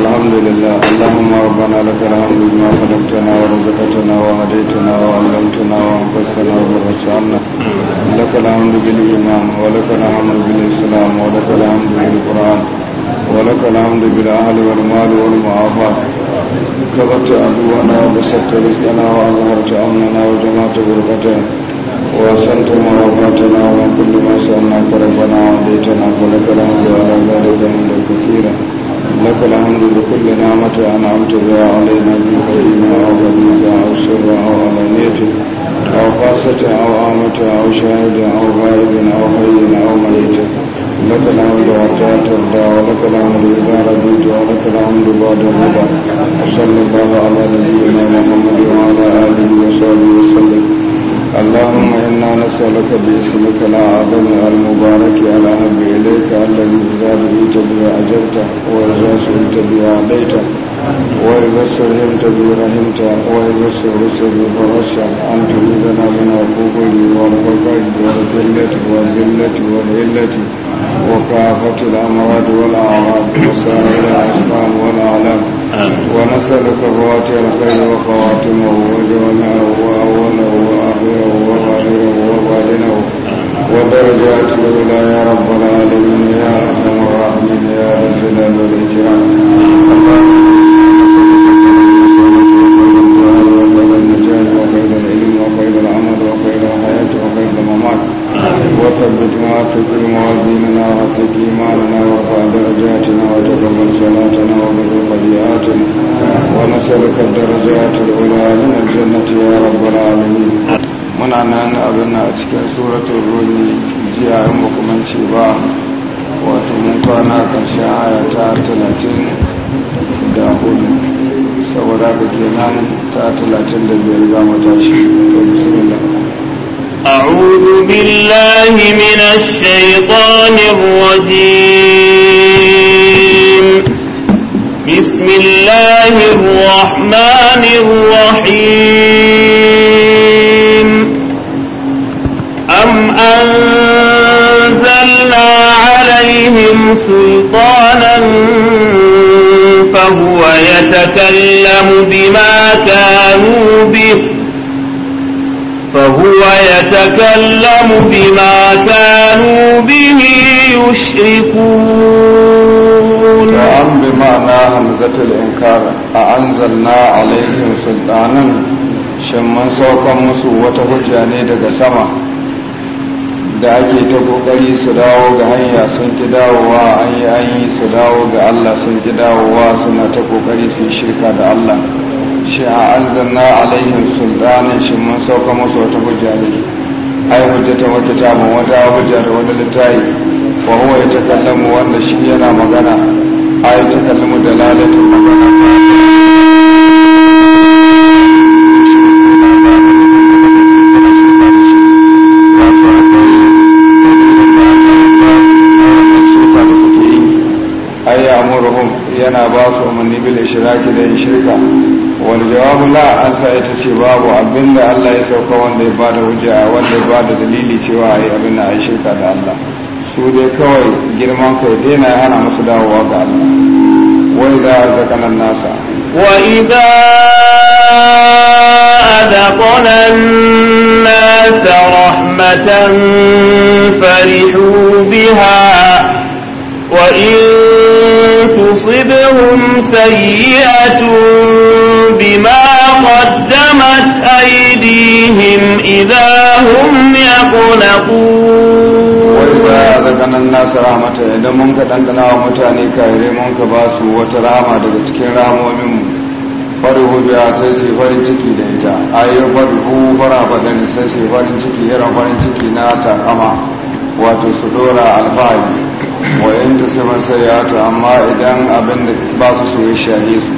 الحمد لله اللهم ربنا لك الحمد بما خلقتنا ورزقتنا وهديتنا وعلمتنا وانقذتنا وبرشعنا لك الحمد بالإيمان ولك الحمد بالإسلام ولك الحمد بالقرآن ولك الحمد بالأهل والمال والمعافاة كبرت عدونا وبسطت رزقنا وأظهرت أمننا وجمعت بركتنا وأحسنت مراقبتنا ومن كل ما سألناك ربنا وهديتنا ولك الحمد على ذلك من كثيرا لك الحمد بكل نعمة أنعمت بها علينا من قديمة أو حديثة أو سر أو علانية أو خاصة أو عامة أو شاهد أو غائب أو حي أو ميت لك الحمد حتى ترضى ولك الحمد إذا رضيت ولك الحمد بعد الرضا وصلى الله على نبينا محمد وعلى آله وصحبه وسلم اللهم إنا نسألك باسمك الأعظم المبارك على حب إليك الذي إذا دعيت به أجبته وإذا سئلت به أعطيته وإذا سلمت به رحمته وإذا سرست به فرشا أن تريدنا من عقوقه والبقاء والذلة والذلة والعلة وكافة الأمراض والأعراض وسائر الأسلام والأعلام ونسألك فواتح الخير وخواتمه وجمعه وأوله أجره وبدنه ودرجات الأولى يا رب العالمين يا أرحم الراحمين يا ذا الجلال والإكرام وخير العلم وخير العمل وخير الحياة وخير الممات وثبت موافق موازيننا وحقق إيماننا ورفع درجاتنا وتقبل صلاتنا وبر خليئاتنا ونسألك الدرجات العلى من الجنة يا رب العالمين muna nan abin a cikin suratun rumi jiya in makamanci ba wato mun kwana karshen aya ta talatin da hudu saboda da kenan ta talatin da biyar za mu tashi to bismillah أعوذ بالله من الشيطان الرجيم بسم الله الرحمن الرحيم به فهو يتكلم بما كانوا به يشركون وعن بمعنى همزة الإنكار أأنزلنا عليهم سلطانا شمن wata hujja ne daga سما da ake ta kokari su dawo ga hanya sun ki dawowa an yi an yi su dawo ga Allah sun ki dawowa suna ta kokari su yi shirka da Allah shi a an zanna layin sultanin shi mun sauka masu wata hujja ne ai wata ta mun wata hujja da wani littafi wa huwa ya takallamu wanda shi yana magana ai takallamu lalata magana yana ba su umarni bil shiraki da yin shirka wani jawabu la an sa ita ce babu abin da Allah ya sauka wanda ya bada hujja wanda ya bada dalili cewa a yi abin da a yi shirka da Allah su dai kawai girman kai daina hana musu dawowa ga Allah wai da zakanan nasa وإذا أذقنا الناس رحمة فرحوا بها وإن تصبهم سيئة بما قدمت أيديهم إذا هم يقلقون وإذا ذكرنا الناس رحمة إذا منك تندنا ومتاني كايري منك باسو وترامة دكتكين رامو ومم فرهو biya sai su farin أيو فرهو ita ayyar farihu fara faɗin sai su farin wato su dora alfahari wa in ta sama sayyatu amma idan abin da ba su so ya shahe su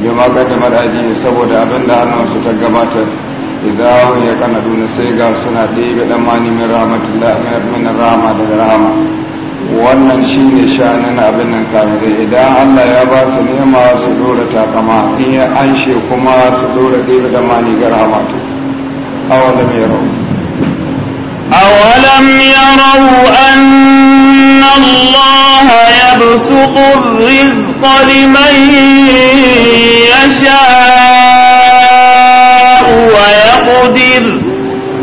bi ma kaddamar ne saboda abin da su ta gabatar idan ya na sai ga suna ɗebe ɗamani min rahmatullah min rama daga rahama wannan shi ne shanin abin nan kafirai idan allah ya ba su nema su dora takama in ya anshe kuma su dora ɗebe mani ga rahama to awa da ya rauni أولم يروا أن الله يبسط الرزق لمن يشاء ويقدر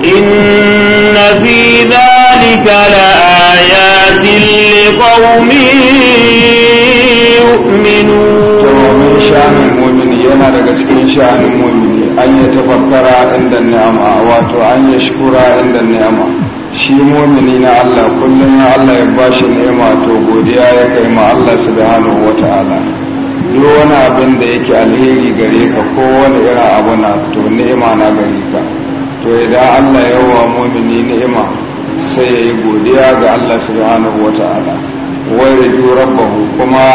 إن في ذلك لآيات لقوم يؤمنون شأن المؤمن ينا daga شأن an yi tafakkara inda ni'ama wato an yi shukura inda ni'ama shi mumini na Allah kullum ya Allah ya ba shi ni'ima to godiya ya kai ma Allah subhanahu wata'ala duk wani abin da yake alheri gare ka ko wani irin abu na to ni'ima na gare ka to idan Allah ya wa mumini ni'ima sai ya yi godiya ga Allah subhanahu wata'ala wai rabbahu kuma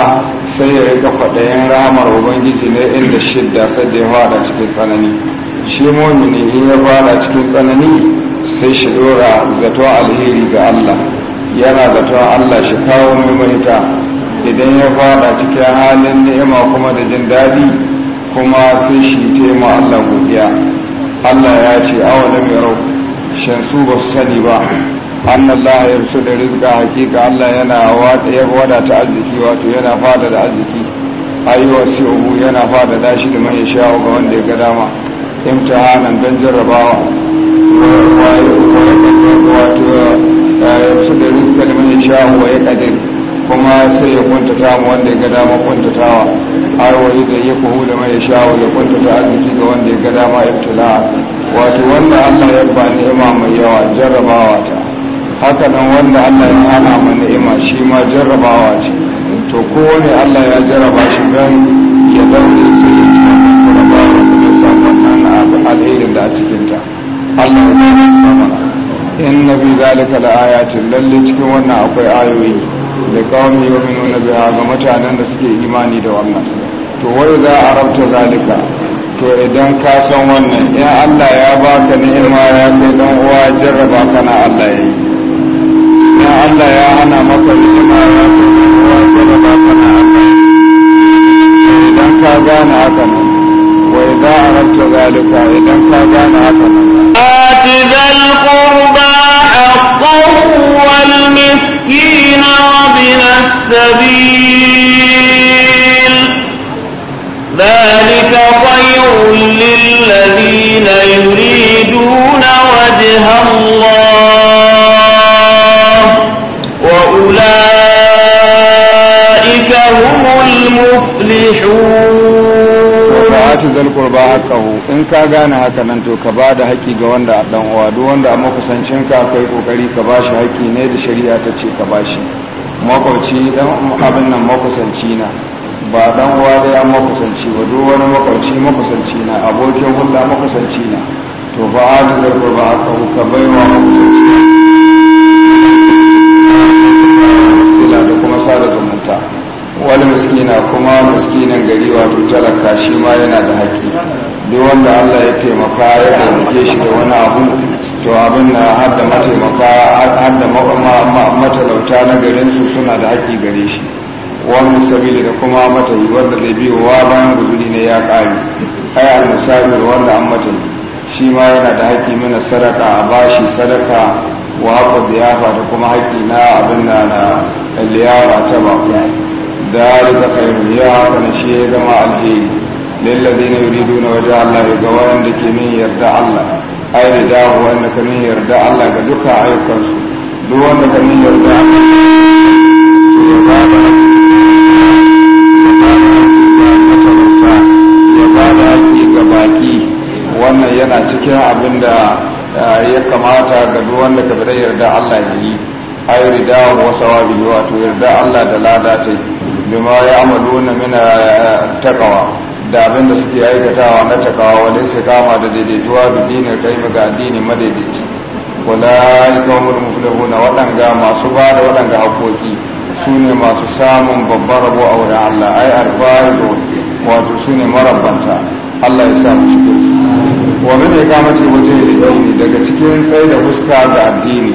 sai ya rika kwaɗayin ramar ubangiji ne inda shidda sai da ya fada cikin tsanani shi mumini in ya fada cikin tsanani sai shi dora zato alheri ga Allah yana zato Allah shi kawo maimaita. idan ya fada cikin halin ni'ima kuma da jin daɗi kuma sai shi tema Allah godiya Allah ya ce awalam yarau shan su ba su sani ba an Allah ya rusu da rizka hakika Allah yana wadata arziki wato yana fada da arziki ayyuwa siyobu yana fada da shi da mai sha'o ga wanda ya ga dama imtihanan don jarrabawa wato eh, ya rusu da rizka da mai sha'o ya kadir kuma sai ya kuntata wanda ya ga dama kuntatawa ayoyi da ya kuhu da mai sha'o ya kuntata arziki ga wanda ya ga dama ibtila'a wato wanda Allah ya ba nema mai yawa jarrabawa ta haka nan wanda Allah ya hana mu ni'ima shi ma jarrabawa ce to kowane Allah ya jarraba shi dan ya daure sai ya ci kuma ba ya nan abu alherin da a cikin ta Allah ya san mana in nabi zalika la ayatin lalle cikin wannan akwai ayoyi da kawai yu'minuna biha ga mutanen da suke imani da wannan to wai za a rabta zalika to idan ka san wannan in Allah ya baka ni'ima ya kai dan uwa jarraba kana Allah yayi الله يا انا مطر سماوات وصلى باقنا عليك اذا كان عدنا واذا عرفت ذلك اذا كان عدنا ات ذا القربى الضر والمسكين وابن السبيل ذلك خير للذين يريدون وجه الله ta zal qurba haqqahu in ka gane haka nan to ka bada haƙi ga wanda a dan uwa duk wanda a makusancin ka kai kokari ka ba shi haƙi ne da shari'a ta ce ka ba shi makwauci dan abin nan makusanci na ba dan uwa dai an makusanci ba duk wani makwauci makusanci na abokin hulɗa makusanci na to ba a ati zal haka hu ka bai wa makusanci sila da kuma sada zumunta wani miskina kuma miskinin gari wato talaka shi ma yana da haƙƙi duk wanda Allah ya taimaka ya taimake shi da wani abu to abin na har da mataimaka har da matalauta na garin su suna da haƙƙi gare shi wani sabili da kuma matayi wanda zai biyo wa bayan guzuri ne ya ƙare ai al-musafir wanda an mata shi ma yana da haƙƙi mana sadaka a bashi sadaka wa haƙƙa da kuma haƙƙi na abin na liyawa ta baƙo ذلك خير يا كان شيء كما الهي للذين يريدون وجه الله يقوان لك من يرد الله أي نداه أنك من يرد الله كدك عيقا دو أنك من يرد الله wannan yana cikin abin da ya kamata ga duk wanda ka bi yarda Allah ya yi wa wato yarda Allah da lada ta yi bima na mina ah, takawa da abin da suke aikatawa na takawa wani su kama da daidaituwa da dinin kai ga addini madaidaici wala ikamul na waɗanga masu ba da waɗanga haƙoƙi su ne masu samun babban rabo a wurin Allah ai arbaido wato su ne marabbanta Allah ya sa mu cikin su wa min ikamati wajen al-dini daga cikin tsaye da fuska ga addini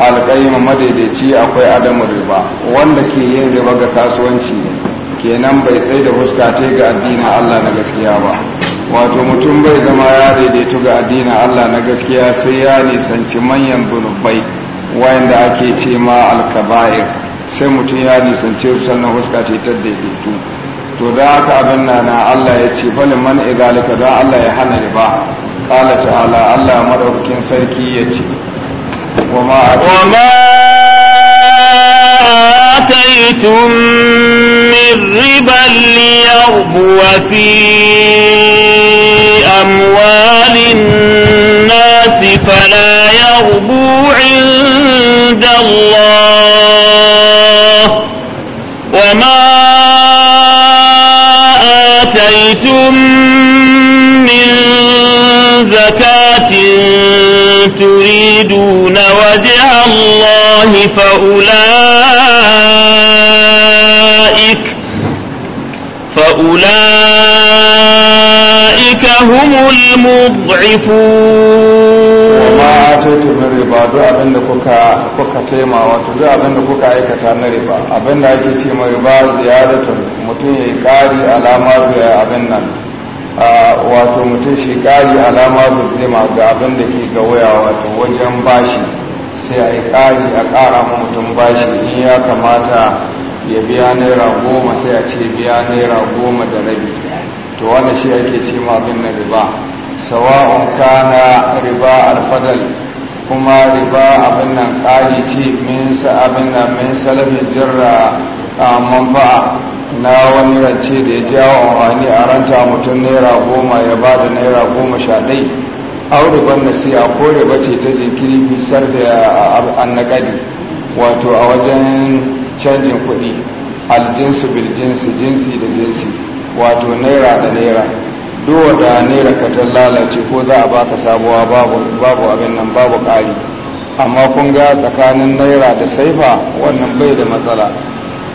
alƙayyama madaidaici akwai adamu riba wanda ke yin riba ga kasuwanci kenan bai tsaye da fuska ce ga addinin Allah na gaskiya ba wato mutum bai zama ya daidaitu ga addinin Allah na gaskiya sai ya nisanci manyan zunubai wayanda ake ce ma alkaba'ir sai mutum ya nisanci sannan fuska ce ta daidaitu to da aka abin na na Allah ya ce bali man idalika don Allah ya hana riba qala ta'ala Allah madaukakin sarki ya ce وما آتيتم من ربا ليربو في أموال الناس فلا يربو عند الله وما آتيتم من زكاة تريدون فأولئك فأولئك هم المضعفون وما آتيتم من ربا duk abin da kuka taima wato abin da kuka aikata na riba abin da ake ce riba mutum wato mutum shi ƙari alama ga abin da ke ga waya wato wajen bashi sai a yi ƙari a ƙara ma mutum bashi in ya kamata ya biya naira goma sai a ce biya naira goma da rabi to wanda shi ake ce ma abin na riba sawa'un kana riba alfadal kuma riba abin nan ƙari ce min sa abin nan min salafin jirra a ba na wani rance da ya jawo amfani a ranta mutum naira goma ya ba da naira goma sha ɗai aure ban nasiya ko riba ce ta jinkiri fisar da annakadi wato a wajen canjin kuɗi aljinsu biljinsu jinsi da jinsi wato naira da naira duwa da naira ka ta lalace ko za a baka sabuwa babu abin nan babu ƙari amma kun ga tsakanin naira da saifa wannan bai da matsala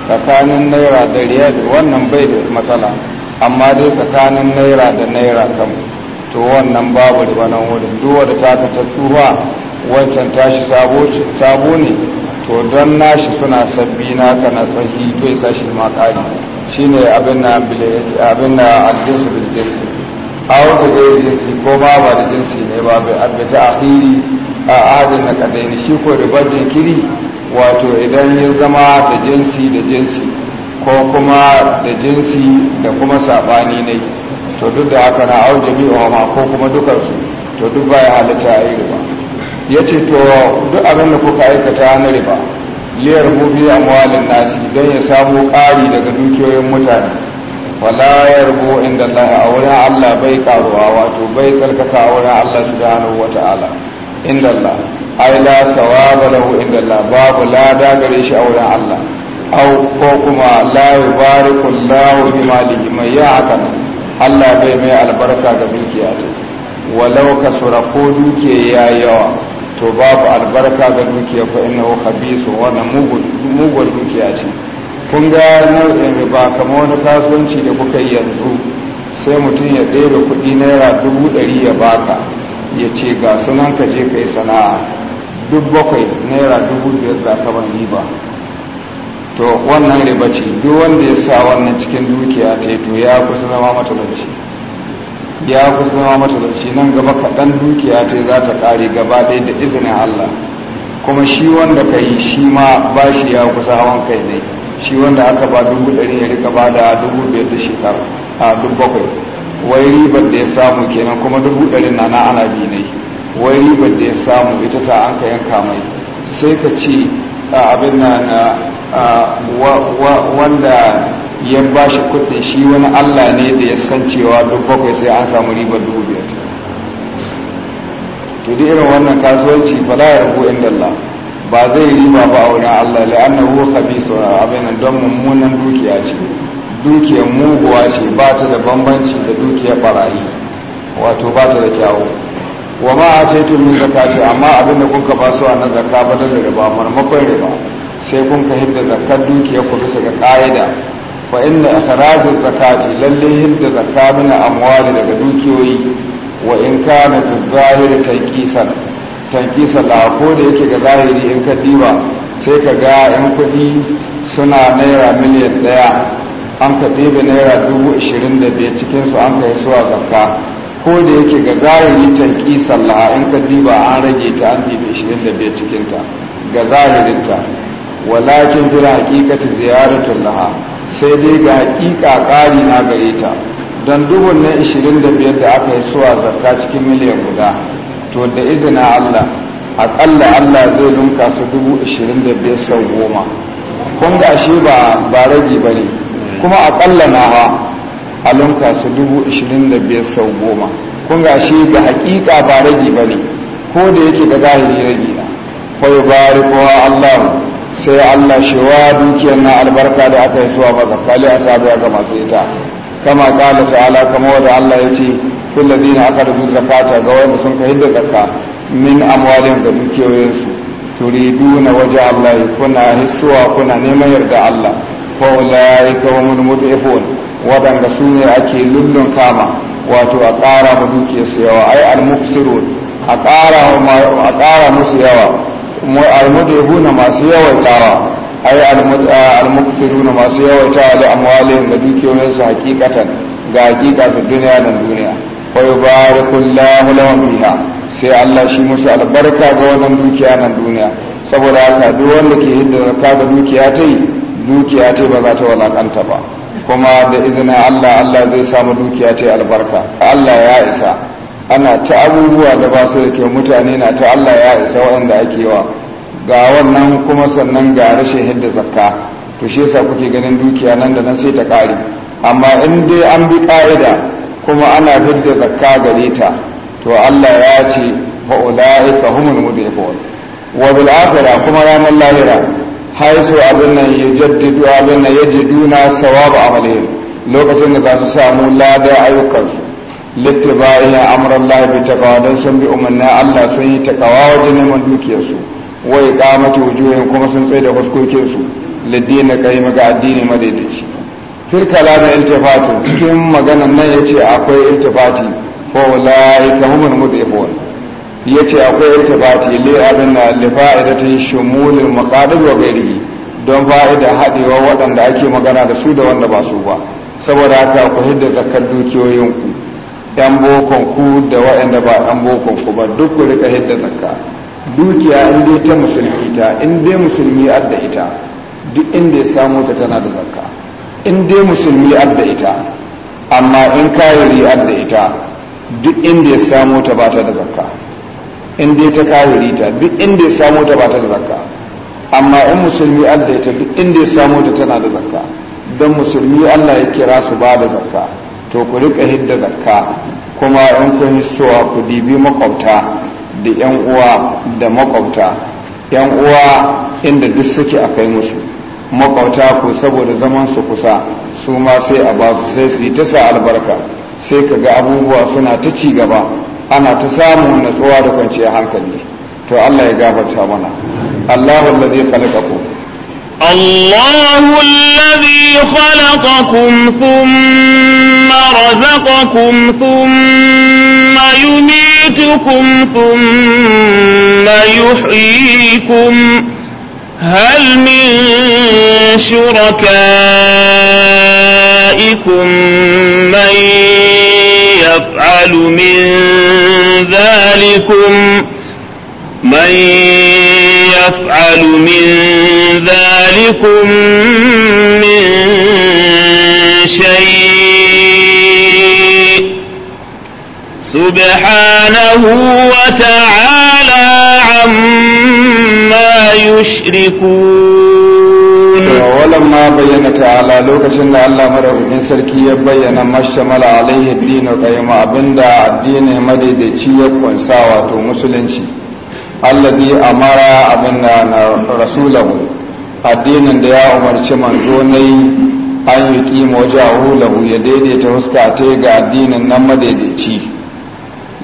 tsakanin naira da riyal wannan bai da matsala amma dai tsakanin naira da naira kam. to wannan babu da wannan wurin duwa da ta ta tsuwa wancan tashi sabo ne to don nashi suna sabbi na kana tsahi to isa sashi ma kari shine abin na abin na aljinsu bil jinsi awo da gairi jinsi ko ba ba da jinsi ne ba bai abita hiri a adin na kadai shi ko ribar jinkiri wato idan ya zama da jinsi da jinsi ko kuma da jinsi da kuma sabani ne to duk da haka na au jami'a ma ko kuma dukansu to duk ya halitta a yi riba ya ce to duk abin da kuka aikata na riba liyar a amwalin nasi don ya samu ƙari daga dukiyoyin mutane wala ya rubu inda Allah a wurin Allah bai karuwa wato bai tsarkaka a wurin Allah su wata ala. inda Allah ai la sawaba lahu inda Allah babu lada gare shi a wurin Allah au ko kuma la yubariku Allahu bi malihi mai ya haka Allah bai mai albarka ga dukiya ta walau ka sura ko dukiya ya yawa to babu albarka ga dukiya ko fa innahu khabisu wannan mugun dukiya ce kun ga nau'in ba kamar wani kasuwanci da kuka yi yanzu sai mutum ya ɗebe kuɗi naira dubu ɗari ya baka ya ce ga sunan ka je ka yi sana'a duk bakwai naira dubu biyar za ka ban riba to wannan riba ce duk wanda ya sa wannan cikin dukiya ta to ya kusa zama matalauci ya kusa zama matalauci nan gaba kaɗan dukiya ta za ta ƙare gaba ɗaya da izinin Allah kuma shi wanda ka yi shi ma ba shi ya kusa hawan kai ne shi wanda aka ba dubu ɗari ya rika ba da dubu biyar da shekara a dubu bakwai wai ribar da ya samu kenan kuma dubu ɗari na na ana bi ne wai ribar da ya samu ita ta an ka yanka mai sai ka ce abin na wanda ya ba shi kudin shi wani allah ne da ya san cewa duk bakwai sai an samu ribar dubu biyar to duk irin wannan kasuwanci ba a ya rabu inda allah ba zai yi riba ba a wurin allah la'annahu khabisu abin don mummunan dukiya ce dukiyar muguwa ce ba ta da bambanci da dukiyar barayi wato ba ta da kyawu wa ma a ce min zakati amma abin da kuka ba su a na zakka ba da riba marmakon riba sai kun ka hidda zakar dukiya ku bisa ga ƙa'ida fa inna ikhrajuz zakati lalle hidda zakka min amwali daga dukiyoyi wa in kana fi zahiri tankisan tankisan la ko da yake ga zahiri in ka diba sai ka ga yan kudi suna naira miliyan ɗaya an ka ɗebe naira dubu ashirin da biyar su an kai suwa zakka ko da yake ga zahiri tankisan la in ka diba an rage ta an diba ashirin da biyar ta ga zahirinta walakin fil haqiqati ziyaratun laha sai dai ga haƙiƙa ƙari na gare ta don dubun na 25 da aka yi suwa zakka cikin miliyan guda to da izina Allah aƙalla Allah zai lunka su dubu 25 sau goma kun ga ashe ba ba rage ba ne kuma aƙalla na ha a lunka su dubu 25 sau goma kun ga ashe ga haƙiƙa ba rage ba ne ko da yake ga zahiri rage na kwayo bari kowa Allah sai Allah wa dukiyar na albarka da aka yi suwa ba zakali a sabuwa ga masu ita kama kala ta'ala kama wanda Allah ya ce kullabi na aka rubu zakata ga wanda sun ka hidda zakka min amwalin ga dukiyoyinsu na waje Allah kuna hissuwa kuna neman yarda Allah fa ulaika humul mud'ifun waɗanda su ne ake lullun kama wato a ƙara ma dukiyarsu yawa ai al-muqsirun a ƙara musu yawa almudhibuna masu yawaitawa ai almukfiruna masu yawaitawa da amwalin da dukiyoyin su hakikatan ga hakika fi duniya da duniya wa yubarikullahu lahum fiha sai Allah shi musu albarka ga wannan dukiya nan duniya saboda haka duk wanda ke hidda ga dukiya ta yi dukiya ta ba za ta walakanta ba kuma da izinin Allah Allah zai samu dukiya ta albarka Allah ya isa ana ta abubuwa da ba su da kyau mutane na ta Allah ya isa waɗanda ake wa ga wannan kuma sannan ga rashin hidda zakka to shi yasa kuke ganin dukiya nan da nan sai ta ƙare amma in dai an bi ƙa'ida kuma ana hidda zakka gare ta to Allah ya ce fa ulaika humul mudifun wa bil akhirah kuma ranar lahira haisu abin nan yajaddidu abin nan yajiduna sawab amalihim lokacin da za su samu lada ayyukansu littaba'ina amran Allah ta kawo dan san bi umarni Allah sun yi kawo wajen neman dukiyarsu wai kamata iqamatu kuma sun tsaye da fuskokin su lidina qayyima addini madaidaici firkala na iltifatu cikin maganan nan yace akwai iltifati fa ulai ka humul ya ce akwai iltifati li abin li fa'idatin shumulil maqadir wa ghairihi don fa'ida haɗewa waɗanda ake magana da su da wanda ba su ba saboda haka ku hidda zakar dukiyoyinku yan bokon ku da waɗanda ba yan bokon ku ba duk ku rika hidda zakka dukiya in dai ta musulmi ta in dai musulmi adda ita duk inda ya samu ta tana da zakka in dai musulmi adda ita amma in kayuri adda ita duk inda ya samu ta ba ta da zakka in dai ta kayuri ta duk inda ya samu ta ba ta da zakka amma in musulmi adda ita duk inda ya samu ta tana da zakka don musulmi Allah ya kira su ba da zakka to ku rika hidda zakka kuma in kun suwa ku dibi makwabta da yan uwa da makwabta yan uwa inda duk suke a kai musu makwabta ku saboda zaman su kusa su ma sai a ba su sai su yi ta sa albarka sai ka ga abubuwa suna ta ci gaba ana ta samun natsuwa da kwanciyar hankali to Allah ya gafarta mana Allahu allazi khalaqakum الله الذي خلقكم ثم رزقكم ثم يميتكم ثم يحييكم هل من شركائكم من يفعل من ذلكم ؟ من يفعل من ذلكم من شيء سبحانه وتعالى عما يشركون ولما بين تعالى لوكشن الله مره مرحبين سركي يبين ما شمل عليه الدين وقيم أبندا الدين مدد تشيب وانساوة ومسلنشي alladhi amara abin na rasulahu addinin da ya umarci manzo nai an yi kima wajahu lahu ya daidaita huska ta ga addinin nan madaidaici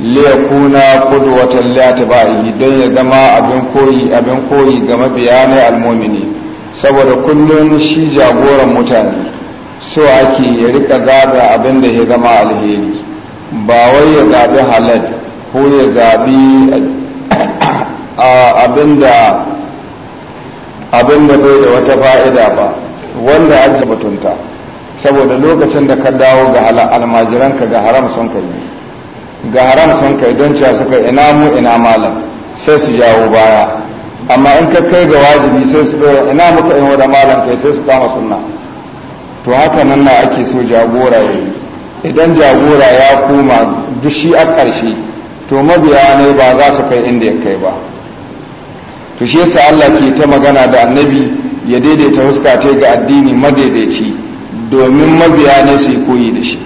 liyakuna qudwatan li atba'ihi dan ya zama abin koyi abin koyi ga mabiyanai almu'mini saboda kullun shi jagoran mutane so ake ya rika zaba abin da ya zama alheri ba wai ya zabi halal ko ya zabi abin da bai da wata fa'ida ba wanda an mutunta saboda lokacin da ka dawo ga almajiranka ga haram sun kai ga haram sun kai don cewa suka ina mu ina malam sai su jawo baya amma in ka kai ga wajibi sai su ɗora ina muka in da malam kai sai su kama sunna to haka nan na ake so jagora ya yi idan jagora ya koma dushi a ƙarshe to mabiya ne ba za su kai inda ya kai ba to shi yasa Allah ke ta magana da annabi ya daidaita huska ta ga addini madaidaici domin mabiya ne su koyi da shi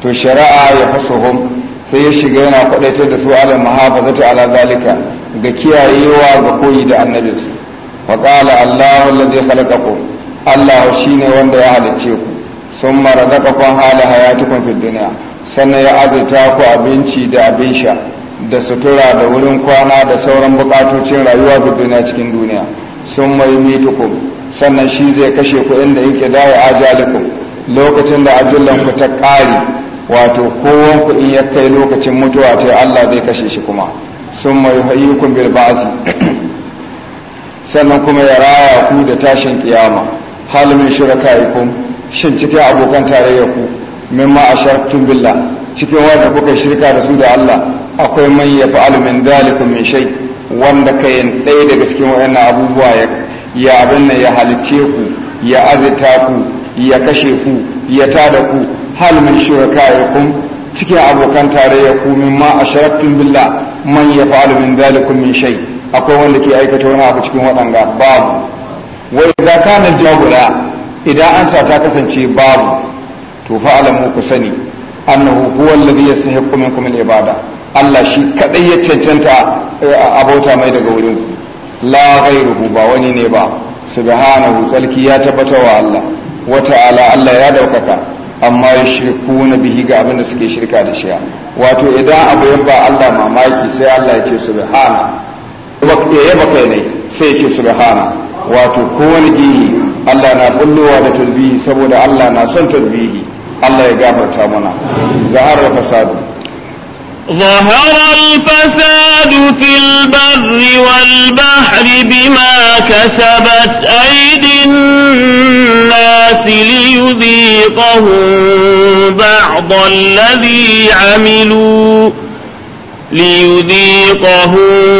to shari'a ya fasuhum sai ya shiga yana kwadaitar da su ala muhafazatu ala zalika ga kiyayewa ga koyi da annabinsu wa qala Allahu alladhi khalaqakum Allah shine wanda ya halicce ku sun marazakakon hala hayatukun fi duniya sannan ya azurta ku abinci da abin sha da sutura da wurin kwana da sauran bukatocin rayuwa da duniya cikin duniya sun mai mitukum sannan shi zai kashe ku inda yake dawo ajalikum lokacin da ajallan ku ta ƙare wato kowan ku in ya kai lokacin mutuwa ta Allah zai kashe shi kuma sun mai hayyukum bil ba'si sannan kuma ya raya ku da tashin kiyama hal min shurakaikum shin cikin abokan tarayyar ku mimma ashartum billah cikin wanda kuka shirka da su da Allah akwai man fa’al min dalikum min shai wanda ka yin ɗaya daga cikin waɗannan abubuwa ya ya abin nan ya halice ku ya azita ku ya kashe ku ya tada ku hal min kun cikin abokan tarayya ku min ma a sharaftun billa man fa’al min dalikum min shai akwai wanda ke aikata wani abu cikin waɗanga babu wai ka kana idan an sa ta kasance babu to fa'alamu ku sani annahu huwa alladhi yastahiqqu minkum al-ibada Allah shi kaɗai ya cancanta eh, a abota mai daga wurin ku la ghairuhu ba wani ne ba subhanahu hutsalki ya tabbata wa Allah wa ta'ala Allah ya daukaka amma ya shirku na bihi ga abin da suke shirka da shiya wato idan abu ya ba Allah mamaki sai Allah ya ce subhana ya yaba kai ne sai ya ce subhana wato kowane gihi Allah na bullowa da tarbihi saboda Allah na son tarbihi Allah ya gafarta mana za'ar fasadu ظهر الفساد في البر والبحر بما كسبت أيدي الناس ليذيقهم بعض الذي عملوا ليذيقهم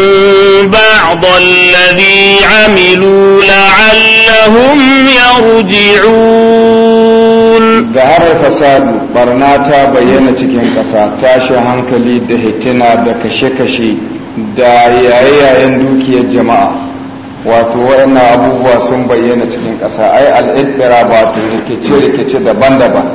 بعض الذي عملوا لعلهم يرجعون harar fasadu barna ta bayyana cikin ƙasa tashin hankali da hitina da kashe-kashe da yayayen dukiyar jama'a wato waɗannan abubuwa sun bayyana cikin ƙasa ai al'idira ba ta rikice-rikice daban-daban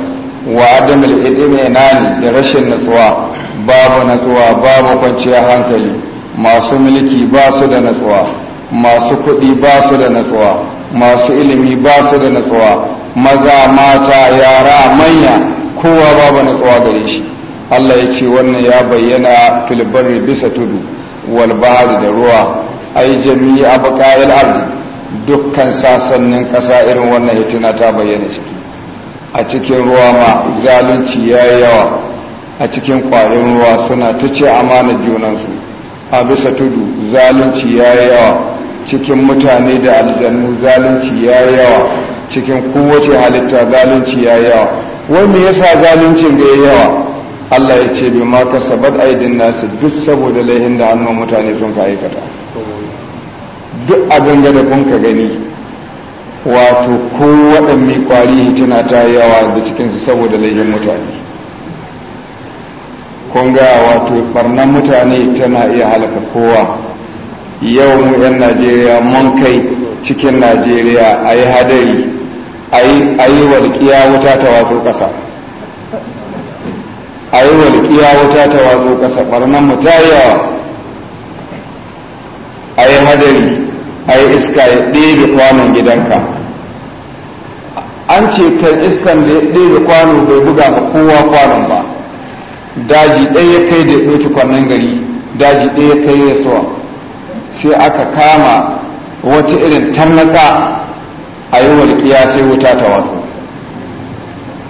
wa adamul idime ne da rashin natsuwa babu natsuwa babu kwanciyar hankali masu mulki ba su da natsuwa masu kuɗi ba su da natsuwa masu ilimi ba su da natsuwa maza mata yara manya kowa babu natsuwa gare shi Allah ya ce wannan ya bayyana filbarri bisa tudu wal da ruwa ai jami'i abqa'il ardi dukkan sasannin kasa irin wannan hitina ta bayyana ciki a cikin ruwa ma zalunci yayi yawa a cikin kwarin ruwa suna ta ce amanar junansu a bisa tudu zalunci yayi yawa cikin mutane da aljannu zalunci yayi yawa cikin kowace halitta zalunci ya yi yawa wai me yasa zaluncin da ya yawa Allah ya ce bi ma kasabat aidin nasu duk saboda laihin da hannun mutane sun ka aikata duk abin da kun ka gani wato ko waɗanne kwari tana ta yawa da cikinsu saboda laihin mutane kun ga wato barnan mutane tana iya halaka kowa yau mu 'yan najeriya mun kai cikin najeriya a yi hadari a yi walƙiya wuta ta wazo ƙasa a yi walƙiya wuta ta wazo ƙasa ɓarnan mu ta yawa a yi hadari a yi iska ya ɗebe kwanon gidanka an ce kan iskan da ya ɗebe kwano bai buga ma kowa kwanon ba daji ɗaya ya kai da ya ɗauki kwanon gari daji ɗaya ya kai ya suwa sai aka kama wata irin tannatsa a yi walƙiya sai wuta ta wato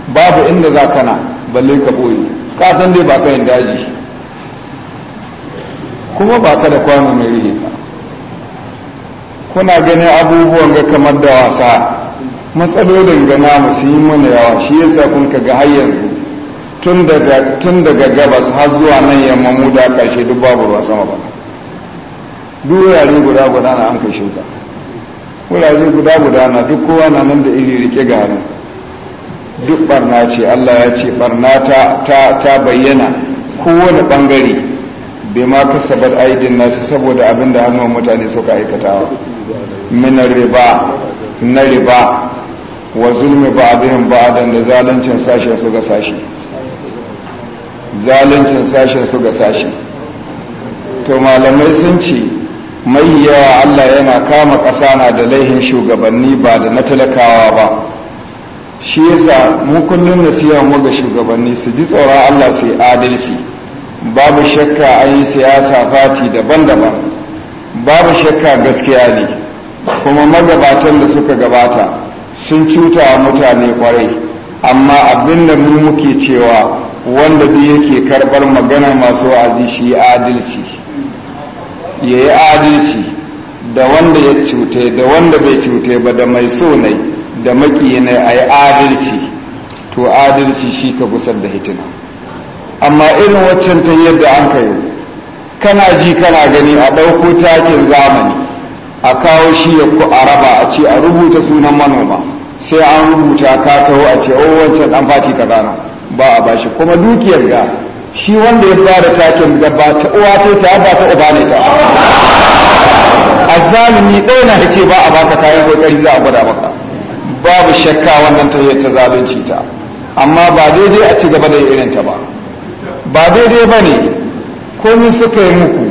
babu inda za kana balle ka boye ka san dai ba ka yin daji kuma ba ka da kwano mai rihe ka kuna ganin abubuwan ga kamar da wasa matsalolin ga namu yi mana yawa shi yasa kun ka ga har yanzu tun daga gabas har zuwa nan yamma mu da ƙarshe duk babu ruwa sama ba duk yare guda guda na an kashe ka wurare guda guda na duk kowa na nan da iri rike hannu duk barna ce Allah ya ce barna ta ta ta bayyana kowane bangare bai ma kasabar aidin nasu saboda abin da hannun mutane suka aikatawa min riba na riba wa zulmi ba adan da zaluncin sashen su ga sashi zaluncin sashen su ga sashi to malamai sun ce mai yawa Allah yana kama ƙasa na da laihin shugabanni ba da na talakawa ba shi yasa mu kullum nasiha mu ga shugabanni su ji tsoron Allah su yi adalci babu shakka an yi siyasa fati daban-daban babu shakka gaskiya ne kuma magabatan da suka gabata sun cuta wa mutane kwarai amma abin da mu muke cewa wanda duk yake karbar magana masu wa'azi shi adalci ya yi adalci da wanda ya cute da wanda bai cuta ba da mai so ne da makiyi ne a yi adalci to adalci shi ka gusar da hitina amma irin waccan ta yadda an kayo kana ji kana gani a ɗauko takin zamani a kawo shi ya ku a raba a ce a rubuta sunan manoma sai an rubuta ka taho a ce oh, wancan ɗan fati kaza ba a bashi kuma dukiyar ga shi wanda ya fara takin da ba ta uwa ce ta ba ta uba ne ta azalimi ɗaya na ce ba a baka kayan kokari za a gwada maka babu shakka wannan ta ta zalunci ta amma ba daidai a ci gaba da irin ta ba ba daidai ba ne mun suka yi muku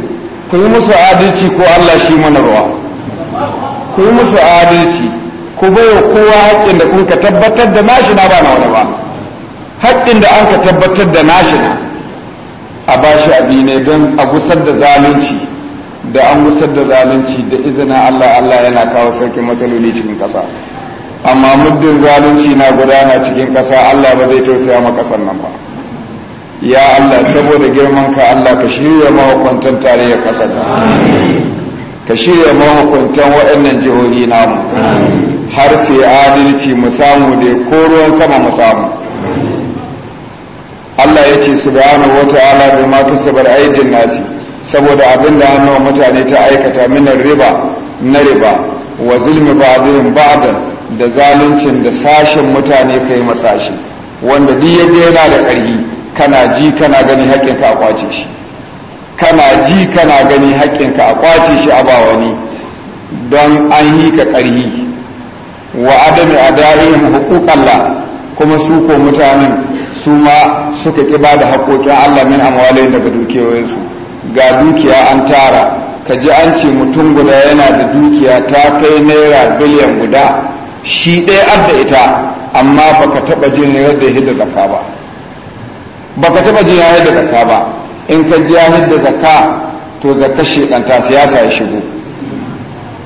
ku yi musu adalci ko Allah shi mana ruwa ku yi musu adalci ku bai kowa haƙƙin da kuka tabbatar da nashi na ba na wani ba haƙƙin da an ka tabbatar da nashi na a bashi abi ne don a gusar da zalunci da an gusar da zalunci da izinin Allah Allah yana kawo sarkin matsaloli cikin kasa amma muddin zalunci na gudana cikin kasa Allah ba zai tausaya ma ƙasar nan ba ya Allah saboda girman ka Allah ka shirya mahukuntan kasar ƙasar ka shirya mahukuntan waɗannan jihohi namu har sai adalci mu samu da ko ruwan sama mu samu yake subhanahu wata'ala bima kasabar aidin nasi saboda abin da mutane ta aikata min riba na riba wa zulmi ba'dihim ba'dan da zaluncin da sashen mutane kai masashi wanda duk yadda yana da ƙarfi kana ji kana gani haƙƙin ka a kwace shi kana ji kana gani haƙƙin ka a kwace shi a ba wani don an yi ka ƙarfi wa adami adaihim huquqallah kuma su ko mutanen su ma suka ƙi ba da haƙoƙin Allah min amwalai daga dukiyoyinsu ga dukiya an tara ka ji an ce mutum guda yana da dukiya ta kai naira biliyan guda shi ɗaya adda ita amma baka taɓa jin yadda hidda zaka ba baka taɓa jin yadda zaka ba in ka ji hidda zaka to zakka ta siyasa ya shigo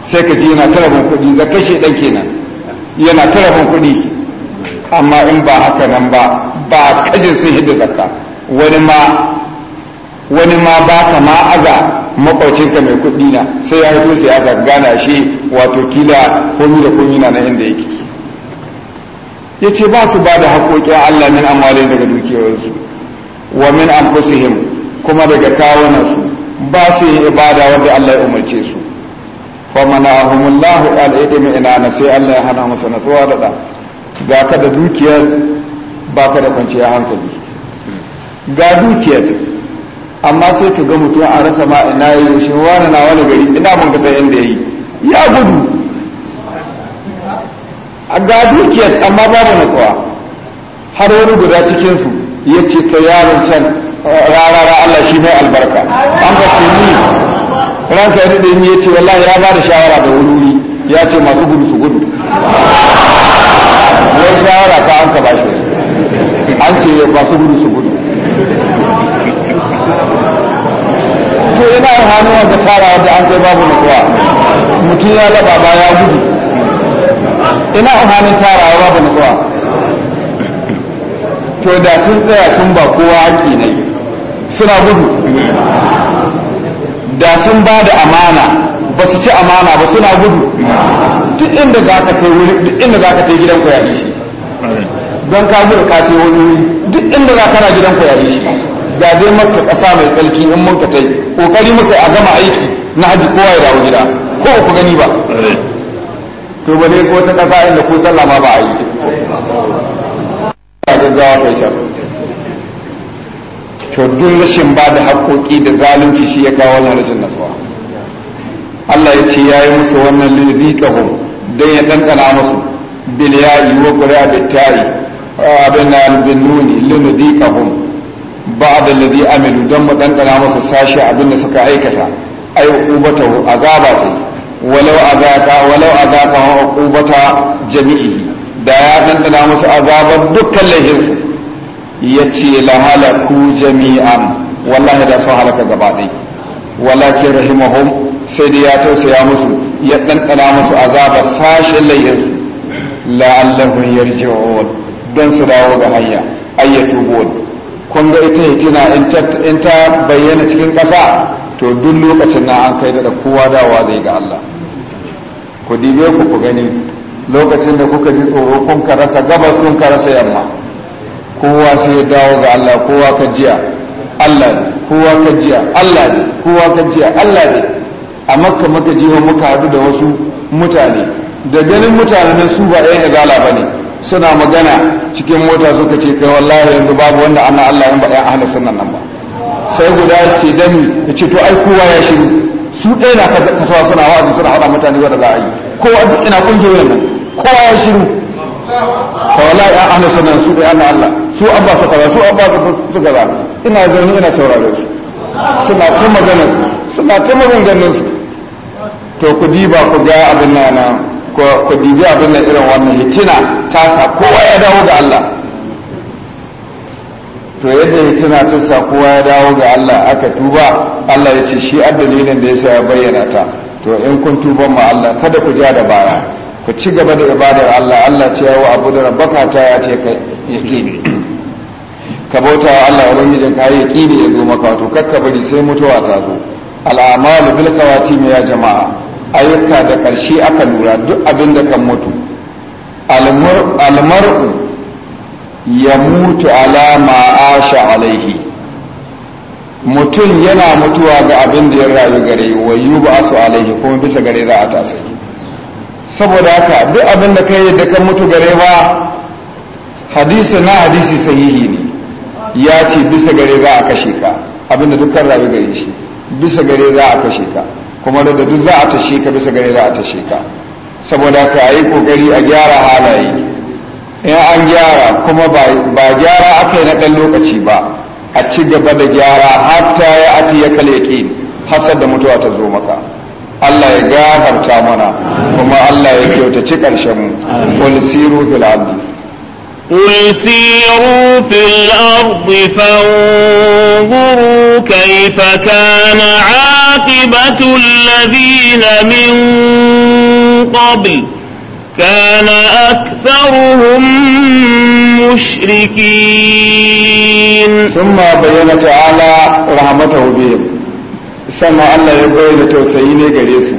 sai ka ji yana tarabin kuɗi shi ɗan kenan yana tarabin kuɗi amma in ba haka nan ba ba kajin sun hidda zakka wani ma wani ma ba ka ma aza makwacinka mai kuɗi na sai ya fito siyasa gana shi wato kila komi da komi na na inda yake ya ce ba su ba da haƙoƙin Allah min amalai daga dukiyoyinsu wa min anfusihim kuma daga kawunansu ba su yi ibada wanda Allah ya umarce su fa mana'ahumullahu al-idmi ina sai Allah ya hana musu natsuwa da da ga ka da dukiyar ba ka da kwanciya hankali ga dukiyar amma sai ka ga mutum a rasa ma ina yi shi wani na wani gari ina mun ka san ya yi ya gudu ga dukiyar amma babu nutsuwa har wani guda cikinsu ya ce ka yaron can rarara Allah shi mai albarka an ba ce ni ranka ya daɗe ni ya ce wallahi ya ba da shawara da wani wuri ya ce masu gudu su gudu masu gudu su gudu to yana yin hannu da tara da an kai babu nutsuwa mutum ya laba ba ya gudu ina yin hannun ya babu nutsuwa to da sun tsaya sun ba kowa haƙi ne suna gudu da sun ba da amana ba su ci amana ba suna gudu duk inda za ka kai gidan ku ya shi don ka gudu ka ce wani wuri inda za kana gidan ku yi shi ga dai maka ƙasa mai tsarki in mun ka tai kokari muka a gama aiki na haji kowa ya dawo gida ko ku gani ba to ba dai ko ta ƙasa inda ko sallah ma ba a yi gaggawa kai shar to duk rashin ba da haƙoƙi da zalunci shi ya kawo wannan rashin nasuwa Allah ya ce yayi musu wannan lirikahum dan ya ɗanɗana musu bil yi wa qura'a da ta'i abin na bin nuni linudikahum ba'da alladhi amilu don mu ɗanɗana musu sashi abin da suka aikata ai uqubatahu azaba ta walau azaka walau azaka uqubata jami'i da ya ɗanɗana musu azabar dukkan lahinsu yace la halaku jami'an wallahi da sun halaka gaba ɗaya walakin rahimahum sai da ya tausaya musu ya ɗanɗana musu azaba sashen layyarsu la'allahun yarji'un don su dawo ga hanya ayyatu bol kun ga ita hitina in ta bayyana cikin ƙasa to duk lokacin na an kai da kowa dawa zai ga Allah ku dibe ku ku gani lokacin da kuka ji tsoro kun ka rasa gabas kun ka rasa yamma kowa sai ya dawo ga Allah kowa ka jiya Allah ne kowa ka jiya Allah ne kowa ka jiya Allah ne a makka muka jiwa muka haɗu da wasu mutane da ganin na su ba ɗaya izala ba ne suna magana cikin mota suka ce kai wallahi yanzu babu wanda ana Allah yan ba ahli sunnan nan ba sai guda ce dan ya ce to ai kowa ya shiru su ɗaya na katawa suna wa'azi suna haɗa mutane wanda za a yi kowa duk ina kungiyar nan kowa ya shiru ka wallahi ɗan ahli sunnan su ɗaya ana Allah su an ba su kaza su an ba su kaza ina zaune ina saurare su suna ta magana suna ta ganin su to ku diba ku ga abin nan ku bibi abin da irin wannan hitina ta sa kowa ya dawo ga Allah to yadda hitina ta sa kowa ya dawo ga Allah aka tuba Allah ya ce shi addalilin da ya sa ya bayyana ta to in kun tuba ma Allah kada ku ja da baya ku ci gaba da ibadar Allah Allah ce wa abu da rabbaka ta ya ce ka yaqini ka bauta wa Allah ubangijin ka yaqini ya zo maka to bari sai mutuwa ta zo al'amalu bil khawatim ya jama'a ayyuka da ƙarshe aka lura duk abin da kan mutu almar'u ya mutu alama asha alaihi mutum yana mutuwa ga abin da ya rayu gare wayu ba su alaihi kuma bisa gare za a tasiri saboda haka duk abin da kai da kan mutu gare ba hadisi na hadisi sahihi ne ya ce bisa gare za a kashe ka abin da dukkan rayu gare shi bisa gare za a kashe ka kuma da duk za a tashe ka bisa gare za a tashe ka saboda ka yi kokari a gyara halaye in an gyara kuma ba gyara aka yi na ɗan lokaci ba a ci gaba da gyara hatta ya a ya kaleke hasar da mutuwa ta zo maka Allah ya gafarta mana kuma Allah ya kyautaci ƙarshen mu wani siru fil ardi قل siru fil ardi فانظروا kayfa kana عاقبة الذين من قبل كان أكثرهم مشركين ثم بين تعالى رحمته بهم سمع الله يقول لتوسعيني قريسي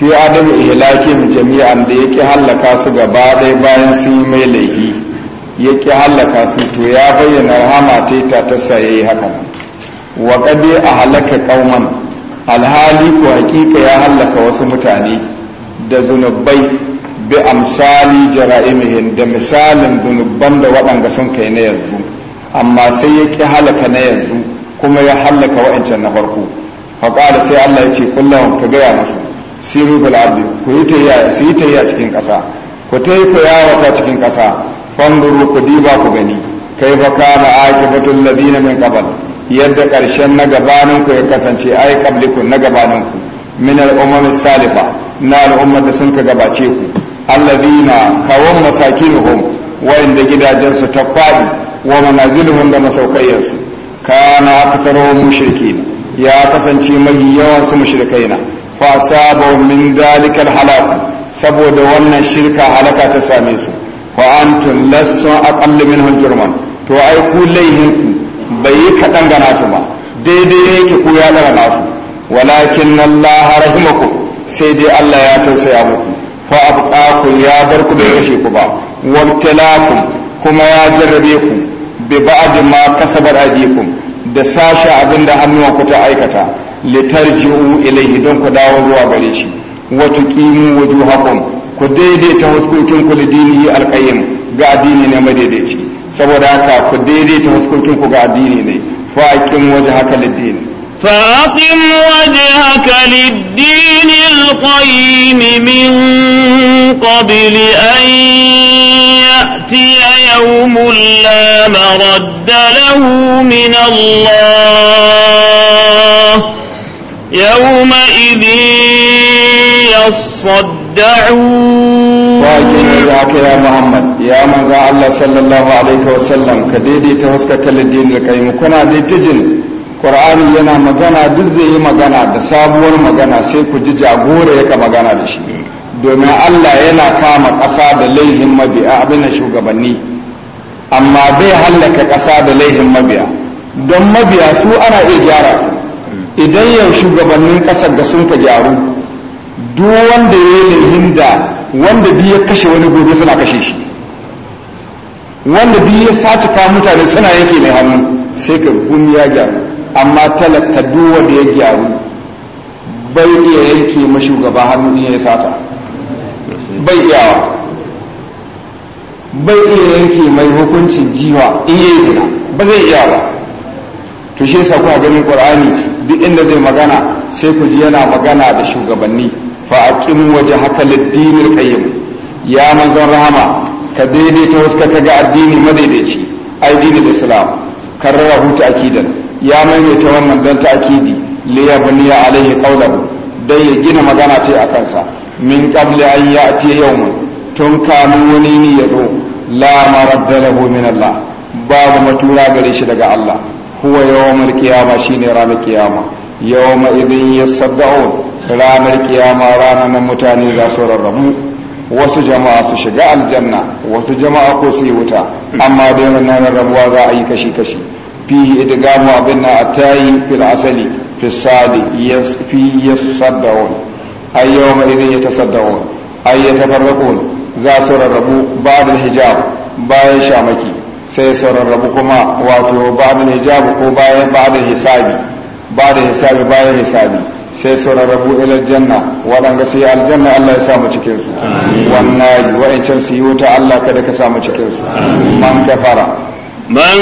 fi adam ihlakin jami'an da yake hallaka su gaba ɗaya bayan sun yi mai laifi yake hallaka su to ya bayyana rahama ta ta ta saye hakan wa qadi a halaka qauman alhali ko hakika ya hallaka wasu mutane da zunubai bi amsali jara'imihin da misalin zunuban da waɗanda sun kai na yanzu amma sai ya ƙi halaka na yanzu kuma ya hallaka wa'ancan na farko faƙala sai Allah ya ce kullum ka gaya masu siru bil ku yi ta yi a cikin ƙasa ku yi ku yawata cikin ƙasa fanduru ku diba ku gani kai fa kana aqibatul ladina min qabl yadda ƙarshen na gabaninku ya kasance ai kabliku na gabaninku min al'ummar salifa na al'ummar da sun ka gabace ku alladina kawon masakinuhum wa'inda gidajensu ta faɗi wa manaziluhum da masaukayensu kana aktaruhum mushrikin ya kasance mai yawan su mushrikaina fa asabu min dalikal halak saboda wannan shirka halaka ta same su fa antum lastu aqall minhum jurman to ai ku laihinku bai yi kaɗan ga nasu ba daidai ne yake ko ya ɗara nasu walakin Allah ku sai dai Allah ya tausaya muku fa abqakum ya bar ku bai kashe ku ba wabtalakum kuma ya jarrabe ku bi ba'd ma kasabar aydikum da sasha abinda hannuwan ku ta aikata litarji'u ilayhi don ku dawo zuwa gare shi wa wajen wujuhakum ku daidaita huskokin ku lidinihi alqayyim ga addini na madaidaici saboda haka ku daidaita haskokin ku ga addini ne fa aqim wajhaka lid-din fa aqim wajhaka lid-din al-qayyim min qabli an ya'tiya yawmun la maradda lahu min Allah يومئذ يصدعون واجب يا محمد ya manzan Allah sallallahu alaihi wasallam ka daidaita haska lidini da kaimu kuna tijin Qur'ani yana magana duk zai yi magana da sabuwar magana sai ku ji jagora ya ka magana da shi domin Allah yana kama ƙasa da laihin mabiya abin da shugabanni amma bai hallaka ƙasa da laihin mabi'a don mabiya su ana iya gyara su idan yau shugabannin ƙasar da sun ka gyaru duk wanda ya yi laihin da wanda biyu ya kashe wani gobe suna kashe shi wanda biyu ya sace fa mutane suna yake mai hannu sai ka gumi ya gyaru amma talaka duwa da ya gyaru bai iya yanke gaba hannu in ya sata bai iyawa bai iya yanke mai hukuncin jiwa in ya zina ba zai iya ba to shi yasa kuka ganin qur'ani duk inda zai magana sai ku ji yana magana da shugabanni fa aqim wajhaka lid-din al-qayyim ya manzon rahama ka daidaita wasu ka ga addini madaidaici da islam karrara hutu akidan ya maimaita wannan don ta akidi li ya alaihi qawluhu dan ya gina magana ce a kansa min qabli an yau mun. tun kanu wani ne ya zo la maradda lahu min Allah babu matura gare shi daga Allah huwa yawmul qiyama shine ranar kiyama yawma idin yasadda'un ranar kiyama ranar mutane za su rarrabu wasu jama'a su shiga aljanna wasu jama'a ko su yi wuta amma dai wannan rabuwa za a yi kashi kashi fi idgamu abin na atayi fil asali fi sadi yas fi yasaddawun ay yawma idin yatasaddawun ay yatafarraqun za su rarrabu ba'da hijab bayan shamaki sai su rarrabu kuma wato ba'da hijab ko bayan ba'da hisabi ba'da hisabi bayan hisabi sai su rarrabu ila janna waɗanda su yi aljanna Allah ya samu cikin su wannan wa'ancan su yi wuta Allah kada ka samu cikinsu. man ka fara. man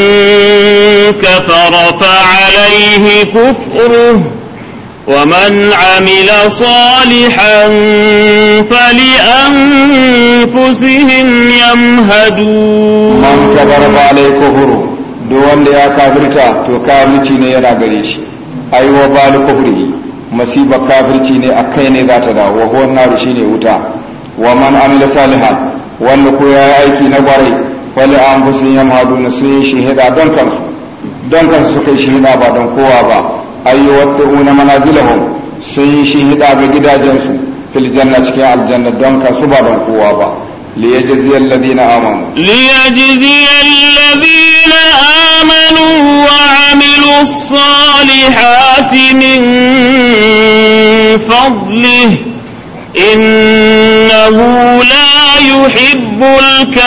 ka fara fa alaihi kufru wa man amila salihan fali anfusihim yamhadu man kafara fa alaihi kufru duk wanda ya kafirta to kafirci ne yana gare shi aiwa balu kufrihi masibar kafirci ne a kai ne za ta dawo wa naru shi shine wuta wa man amila salihan wanda ko ya aiki na gwarai wani an yan ya na sun yi shahida don kansu don kansu suka yi shahida ba don kowa ba una mana zilahun sun yi shahida ga gidajensu fil janna cikin aljanna don kansu ba don kowa ba ليجزي الذين آمنوا ليجزي الذين آمنوا وعملوا الصالحات من فضله إنه لا يحب الكافرين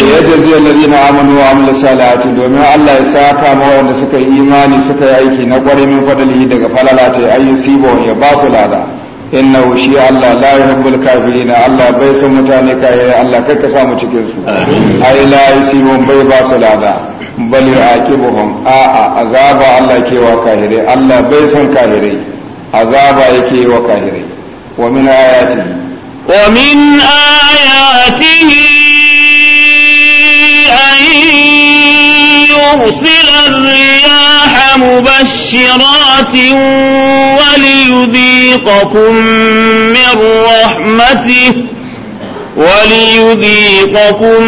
ليجزي الذين آمنوا وعملوا الصالحات بما الله يساكا موانا سكا إيماني سكا أيكي نقر من فضله دقا لا أي سيبون يباصل هذا inna shi Allah la yuhibbul kafirin Allah bai san mutane kai Allah kai ka samu cikin su ai la yusibun bai ba su lada bal yu'aqibuhum a a azaba Allah ke wa kafirai Allah bai san kafirai azaba yake wa kafirai wa min ayati wa min ayati ليرسل الرياح مبشرات وليذيقكم من رحمته وليذيقكم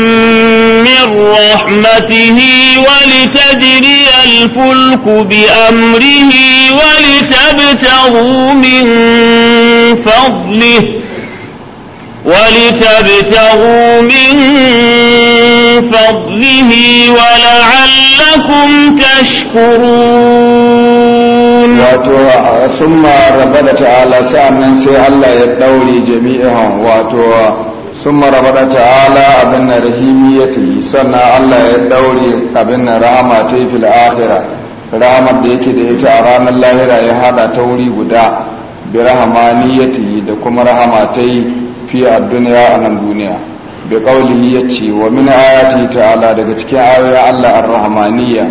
من رحمته ولتجري الفلك بأمره ولتبتغوا من فضله ولتبتغوا من بفضله ولعلكم تشكرون واتو ثم ربنا تعالى سأنا سي الله يدولي جميعهم واتو ثم ربنا تعالى أبن رحيميته سنة الله يدولي أبن رحمته في الآخرة rahamar da yake da ita a ranar lahira ya hada ta wuri guda bi rahamaniyati da kuma rahama ta yi fi a duniya a nan duniya bi ya ce wa min ayati ta'ala daga cikin ayoyin Allah ar-rahmaniyya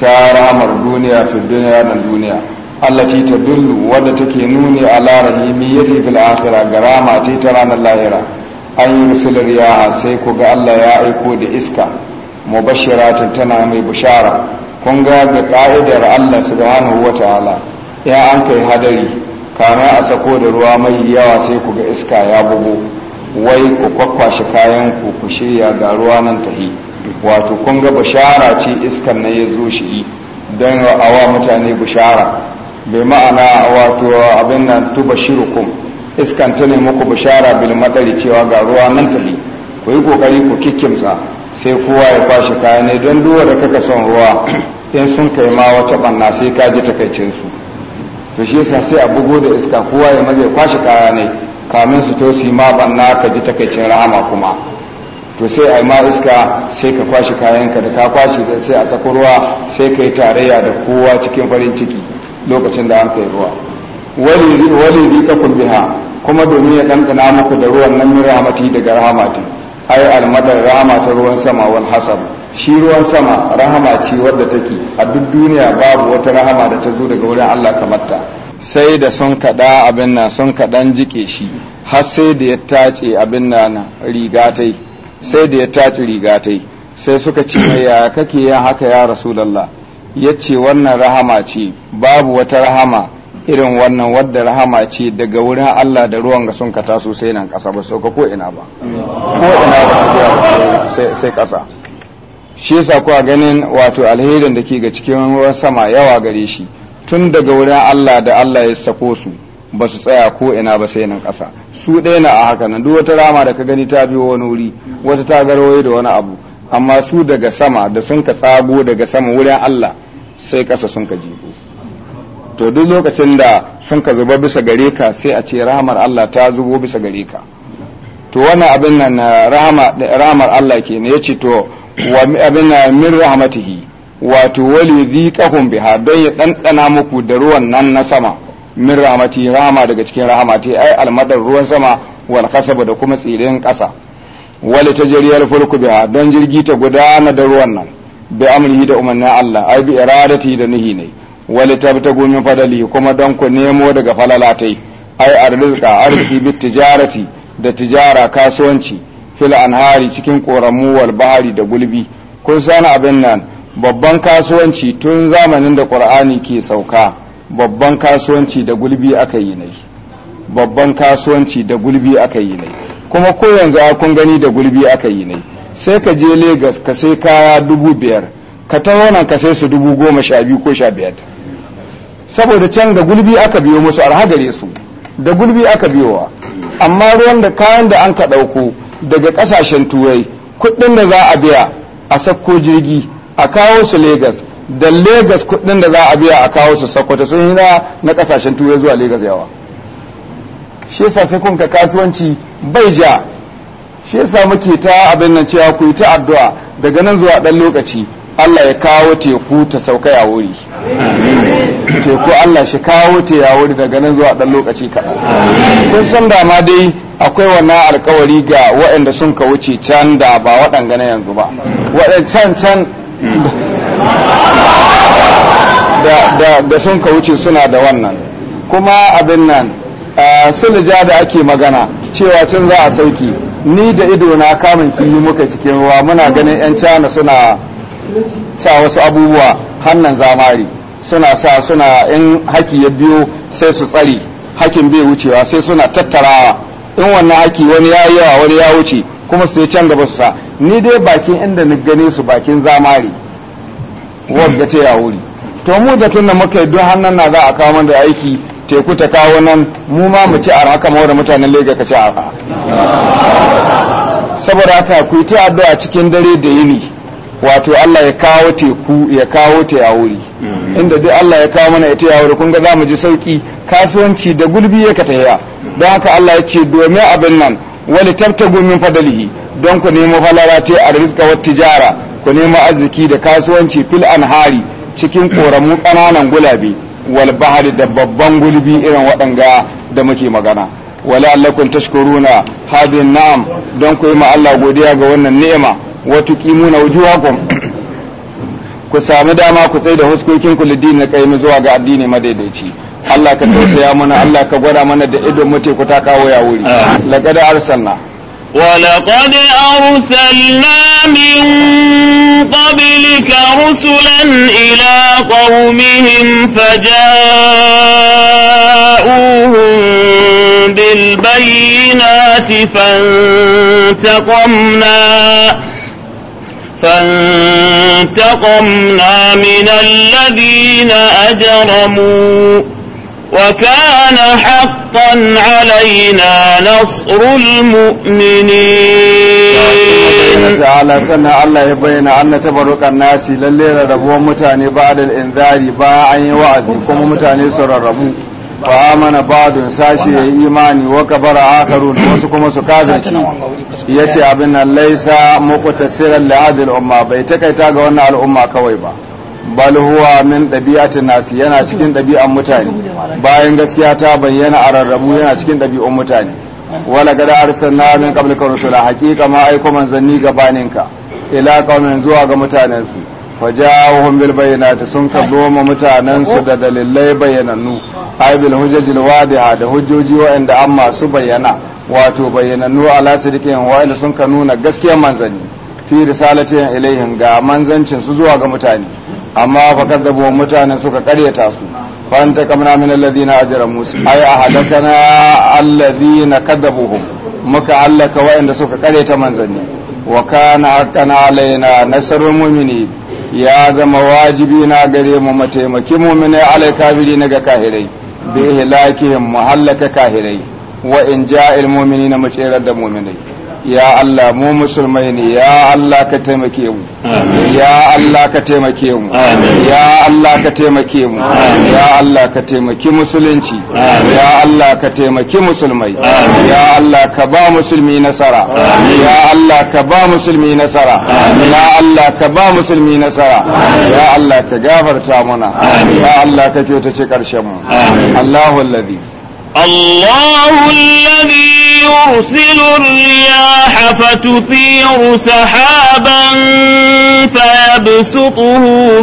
ta rahmar duniya fi duniya na duniya allati tadullu wadda take nuni ala rahimiyyati fil akhirah garama ta ranar lahira an yi yursil yaha sai ku ga Allah ya aiko da iska mubashiratin tana mai bishara kun ga ga ka'idar Allah subhanahu ta'ala ya an kai hadari kamar a sako da ruwa mai yawa sai ku ga iska ya bugu wai ku kwakwashe kayan ku ku shirya ga ruwa nan tahi wato kun ga bishara ce iskan nan ya zo shi don awa mutane bishara bai ma'ana wato abin nan tuba shirukum iskan ta ne muku bishara bil madari cewa ga ruwa nan tahi ku yi kokari ku kikkimsa sai kowa ya kwashe kayan ne don duwa da kaka son ruwa in sun kai ma wata banna sai ka ji takaicinsu to shi yasa sai a bugo da iska kowa ya maje kwashe kaya ne kamin su to su yi ma bana ka ji takaicin rahama kuma to sai a yi ma iska sai ka kwashe kayan ka da ka kwashe da sai a ruwa sai ka yi tarayya da kowa cikin farin ciki lokacin da an kai ruwa wali rika kulbiha kuma domin ya ɗanɗana muku da ruwan nan min rahamati daga rahamati ai almadar rahama ta ruwan sama wal hasab shi ruwan sama rahama ce wadda take a duk duniya babu wata rahama da ta zo daga wurin Allah kamar ta sai da sun kaɗa abin na sun kaɗan jike shi har sai da ya tace abin na rigatai sai da ya tace rigatai sai suka ce ya kake yin haka ya rasulallah ya ce wannan rahama ce babu wata rahama irin wannan wadda rahama ce daga wurin Allah da ruwan ga sun ka taso sai nan ƙasa ba sauka ko ina ba ko ina ba sai ƙasa shi yasa kuwa ganin wato alherin da ke ga cikin ruwan sama yawa gare shi tun daga wurin Allah da Allah ya sako su ba su tsaya ko ina ba sai nan ƙasa su ɗaya na a haka nan duk wata rama da ka gani ta biyo wani wuri wata ta garwaye da wani abu amma su daga sama da sun ka tsago daga sama wurin Allah sai ƙasa sun ka jibo to duk lokacin da sun ka zuba bisa gare ka sai a ce rahamar Allah ta zubo bisa gare ka to wannan abin nan rahamar Allah ke ne ya to wa abin nan min rahmatihi wato wali dhiqahum biha don ya ɗanɗana muku da ruwan nan na sama min rahmati rahama daga cikin rahamati ai almadar ruwan sama wal kasaba da kuma tsirin ƙasa wali ta tajriyal fulku biha don jirgi ta gudana da ruwan nan bi amrihi da umarnin Allah ai bi iradati da nihi ne wali tabtagu min fadali kuma don ku nemo daga falalatai ai arzika arziki bi tijarati da tijara kasuwanci fil anhari cikin koramu wal bahari da gulbi kun san abin nan babban kasuwanci tun zamanin da ƙur'ani ke sauka babban kasuwanci da gulbi aka yi ne babban kasuwanci da gulbi aka yi ne kuma ko yanzu kun gani da gulbi aka yi ne sai ka je Legas ka sai kaya dubu biyar ka ta nan ka sai su dubu goma sha biyu ko sha biyar saboda can da gulbi aka biyo musu alhagare su da gulbi aka biyowa amma ruwan da kayan da an ka ɗauko daga ƙasashen turai kuɗin da za a biya a sakko jirgi a kawo su Legas da Legas kudin da za a biya a kawo su Sokoto sun yi na kasashen turai zuwa Legas yawa shi yasa sai kun ka kasuwanci bai ja shi yasa muke ta abin nan cewa ku yi ta addu'a daga nan zuwa dan lokaci Allah ya kawo teku ta sauka ya wuri teku Allah shi kawo ta ya wuri daga nan zuwa dan lokaci kaɗan kun san da ma dai akwai wannan alkawari ga waɗanda sun ka wuce can da ba waɗanga na yanzu ba waɗancan can da sun ka wuce suna da wannan kuma abin nan sulja da ake magana cewa cin za a sauki ni da ido na kamun kiyi muka cikin ruwa muna ganin 'yan cana suna sa wasu abubuwa hannan zamari suna sa suna in haki ya biyo sai su tsari hakin bai wucewa sai suna tattarawa in wannan haki wani ya yawa wani ya wuce kuma su can gaba su sa ni dai bakin inda na gane su bakin zamari wadda ta wuri to mu da tunan muka yi don hannun na za a kawo da aiki teku ta kawo nan mu ma mu ci a haka mawar da mutanen lega ka ci a saboda haka ku yi ta addu'a cikin dare da yini wato Allah ya kawo teku ya kawo ta wuri inda duk Allah ya kawo mana ita ya kun ga za mu ji sauki kasuwanci da gulbi ya ka don haka Allah ya ce domin abin nan wani tabtagu min fadalihi don ku nemo falara ce a rizka wa tijara ku nemo arziki da kasuwanci fil anhari cikin koramu ƙananan gulabe wal bahari da babban gulbi irin waɗanga da muke magana wala allakun tashkuruna hadin na'am don ku yi ma Allah godiya ga wannan ni'ima wa na wujuhakum ku sami dama ku tsaye da huskokin ku lidin na kaimi zuwa ga addini madaidaici Allah ka tausaya mana Allah ka gwada mana da idon mutu ku ta kawo ya wuri laqad arsalna ولقد أرسلنا من قبلك رسلا إلى قومهم فجاءوهم بالبينات فانتقمنا فانتقمنا من الذين أجرموا وكان حق حقا علينا نصر المؤمنين تعالى سنة الله يبين أن تبرك الناس للي ربوا متاني بعد الإنذار باعي وعزي كم متاني سر الربو فآمن بعض ساشي إيماني وكبر آخرون وسكم سكازنشي يتي أبن ليس مقتصرا لهذه الأمة بيتكي تاقونا الأمة كويبا bal huwa min ɗabi'atin nasi yana cikin ɗabi'an mutane bayan gaskiya ta bayyana a rarrabu yana cikin ɗabi'un mutane wala gada arsalna min ka rusula haqiqa ma aiko manzanni gabaninka ila qaumin zuwa ga mutanen su fajahum bil bayyinati sun kazo ma mutanen su da dalilai bayyanannu ay bil hujajil wadiha da hujjoji wa'anda amma su bayyana wato bayyanannu ala sidiqin wa'anda sun ka nuna gaskiyar manzanni fi risalatin ilaihin ga manzancin su zuwa ga mutane amma fa kadzabu mutanen suka karyata su fa kamna min alladhina ajramu ay ahadakana alladhina kadzabuhum muka allaka wa'anda suka karyata manzanni wa kana haqqan alaina nasrul mu'mini ya zama wajibi na gare mu mataimaki mu'mini alai kafiri na ga kahirai bi ihlakihim muhallaka kahirai wa in ja'il mu'minina mu da mu'minai ya Allah mu musulmai ne ya Allah ka taimake mu ya Allah ka taimake mu ya Allah ka taimake mu ya Allah ka taimaki musulunci ya Allah ka taimaki musulmai ya Allah ka ba musulmi nasara ya Allah ka ba musulmi nasara ya Allah ka ba musulmi nasara ya Allah ka gafarta mana ya Allah ka kyautace karshen mu Allahu allazi الله الذي يرسل الرياح فتثير سحابا فيبسطه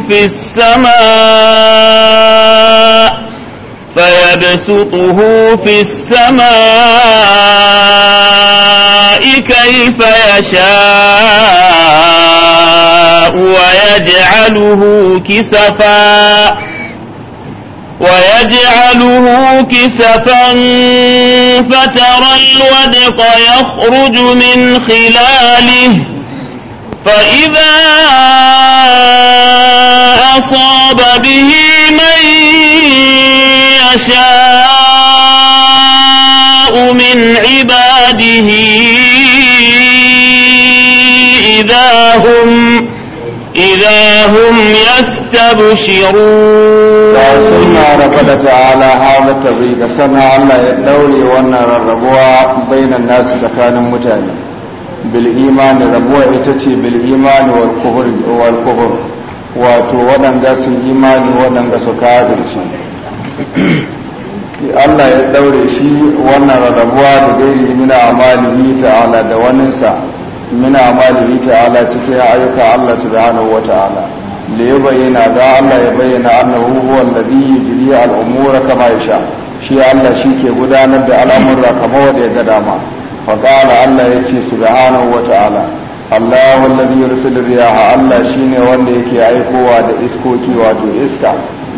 في السماء فيبسطه في السماء كيف يشاء ويجعله كسفاً ويجعله كسفا فترى الودق يخرج من خلاله فإذا أصاب به من يشاء من عباده إذا هم إذا هم يستبشرون سنة ربنا تعالى هذا تبريد سنة الله يدوري وانا ربوا بين الناس سكان متعلم بالإيمان ربوا إتتي بالإيمان والكفر والكفر wato waɗanda su imani waɗanda su kafirci Allah ya ɗaure shi wannan rarrabuwa da gairi mina amalihi ta'ala da waninsa mina amalihi ta'ala cikin ayyuka Allah subhanahu wa ta'ala li yubayyana da Allah ya bayyana annahu huwa alladhi yujri al-umura kama yasha shi Allah shi ke gudanar da al'amura kamar wanda ya ga dama fa qala Allah yace subhanahu wa Allahu alladhi riyaha Allah shine wanda yake aikowa da iskoki wato iska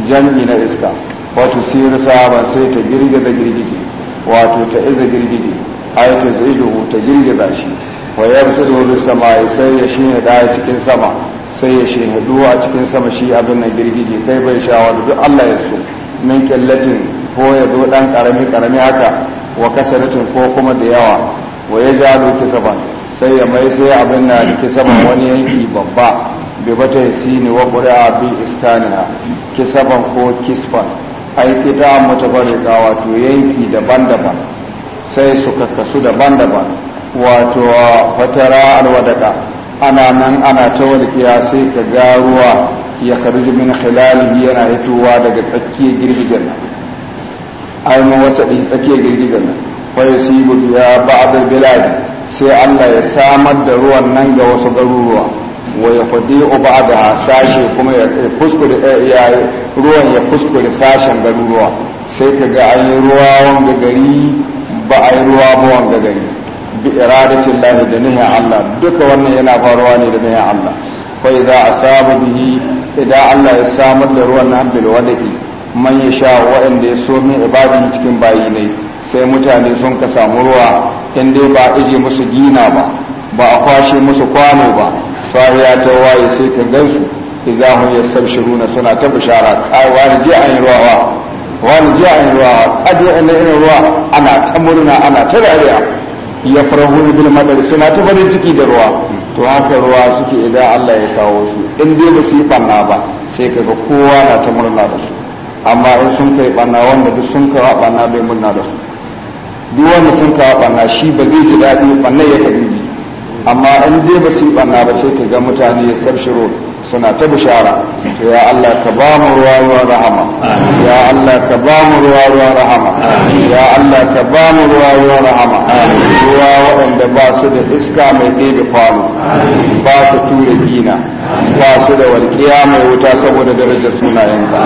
jam'i na iska wato sirri sahaban sai ta girgiza girgije wato ta iza girgije ayatu zaiduhu ta girgiza shi wa ya bi sudu sama sai ya shi da a cikin sama sai ya shi hudu a cikin sama shi abin nan girgije kai bai sha duk Allah ya so min killatin ko ya zo dan karami karami haka wa kasaratin ko kuma da yawa wa ya ja doki saban sai ya mai sai abin na da kisaban wani yanki babba bai bata sini wa qur'a bi ki kisaban ko kisfan ai kita mutabarika wato yanki daban-daban sai su kakkasu daban-daban wato fatara alwadaka ana nan ana ta walƙiya sai ka ga ruwa ya karji min khilalihi yana hitowa daga tsakiyar girgijen nan ai ma wasa din tsakiyar girgijen nan fa yusibu biya ba'd bilad sai Allah ya samar da ruwan nan ga wasu garuruwa wa yaqdi'u ba'daha sashe kuma ya kuskure eh, ya ruwan ya kuskure sashen garuruwa sai ka ga an yi ruwa wanga gari ba a ruwa ba wanga gari bi iradatin lahi da nihin Allah duka wannan yana faruwa ne da nihin Allah kai za a samu bihi idan Allah ya samar da ruwan nan bil wadai man ya sha waɗanda ya so min ibadi cikin bayi ne sai mutane sun ka samu ruwa in dai ba ije musu gina ba ba a kwashe musu kwano ba sai ya ta waye sai ka gansu idan hun yastabshiruna suna ta bishara kai wani an ruwa wani an yi ruwa kadi ina ruwa ana ta murna ana ta dariya ya farahu bil madar suna ta farin ciki da ruwa to haka ruwa suke idan Allah ya kawo su in dai ba su yi banna ba sai ka ga kowa na ta murna da su amma in sun kai banna wanda duk sun kawo banna bai murna da su duk wanda sun kawo banna shi ba zai ji daɗi banna ya kabi amma in dai ba su yi banna ba sai ka ga mutane ya sabshiro suna ta bishara ya Allah ka ba mu ruwa ruwan rahama ya Allah ka ba mu ruwa ruwan rahama ya Allah ka ba mu ruwa ruwan rahama ruwa waɗanda ba su da iska mai ɗebe kwano ba su ture gina ba su da walƙiya mai wuta saboda darajar sunayenka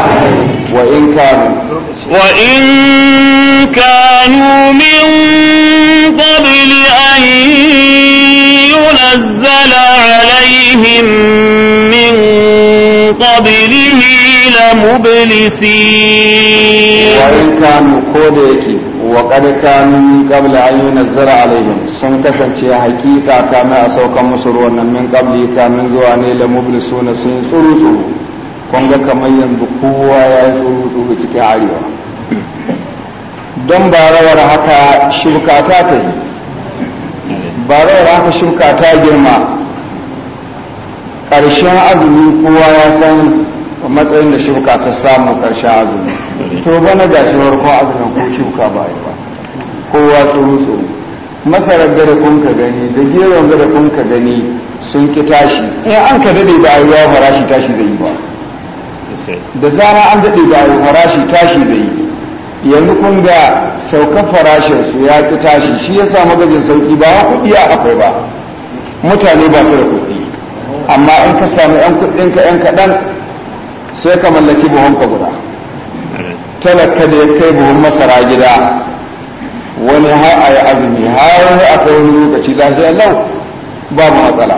wa in kanu wa in kanu min qabli an نزل عليهم من قبله لمبلسين وإن كانوا كوديكي وقد كانوا من قبل أن ينزل عليهم sun kasance hakika kamin a saukan musu ruwan nan min kabli kamin zuwa ne da mublisuna sun tsuru tsuru kun kamar yanzu kowa ya yi tsuru cikin arewa don ba rawar haka shirka ta ta ba zai rafa shuka ta girma ƙarshen azumi kowa ya san matsayin da shuka ta samu ƙarshen azumi to bana ga shi farkon azumin ko shuka ba ba kowa tsoro tsoro masarar gada kun ka gani da gero gada kun ka gani sun ki tashi in an ka dade da ayuwa farashi tashi zai yi ba da zama an dade da ayuwa farashi tashi zai yi yanzu kun ga saukar farashin su ya fi tashi shi ya sa magajin sauki ba kuɗi a akwai ba mutane ba su da kuɗi amma in ka samu yan kuɗin ka yan kaɗan sai ka mallaki buhun ka guda talaka da ya kai buhun masara gida wani har a yi azumi har wani akwai wani lokaci lafiya lau ba mu matsala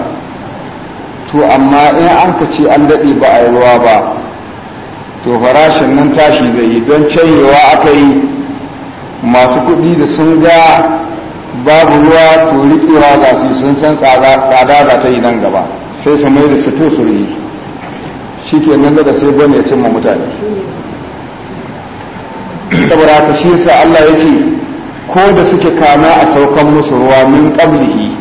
to amma in an ka ce an daɗe ba a yi ruwa ba to farashin nan tashi zai yi don canyewa aka yi masu kuɗi da sun ga babu ruwa to riƙewa ga su sun san tsada za ta yi nan gaba sai su mai da sato su riƙi shi ke nan daga sai gwamnati ya cimma mutane saboda haka shi yasa Allah ya ce ko da suke kama a saukan musu ruwa min qablihi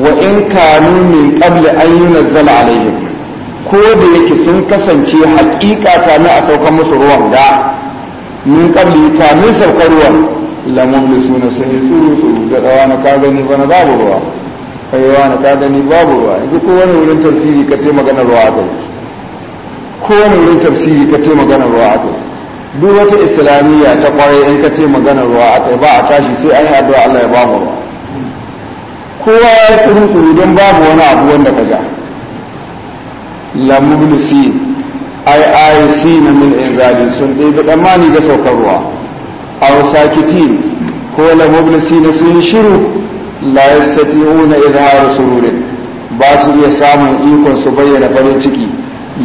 wa in kanu min qabli an yunzala alaihim ko da yake sun kasance ta na a saukar musu ruwan ga min ta kamin saukar ruwan lamun da suna sun yi tsuru tsuru ga tsawa na ka gani bana babu ruwa kaiwa na ka gani babu ruwa yanzu ko wani wurin tafsiri ka te magana ruwa a kai ko wani wurin tafsiri ka te magana ruwa a kai duk wata islamiyya ta kwarai in ka te magana ruwa a kai ba a tashi sai an yi addu'a Allah ya mu ruwa kowa ya tsuru tsuru don babu wani abu wanda ka ga lamulusin ai ai na min inzali sun ɗebi tsammani ga saukar ruwa aw sakitin ko na sun shiru la yastati'una idhar sururin ba su iya samun ikon su bayyana farin ciki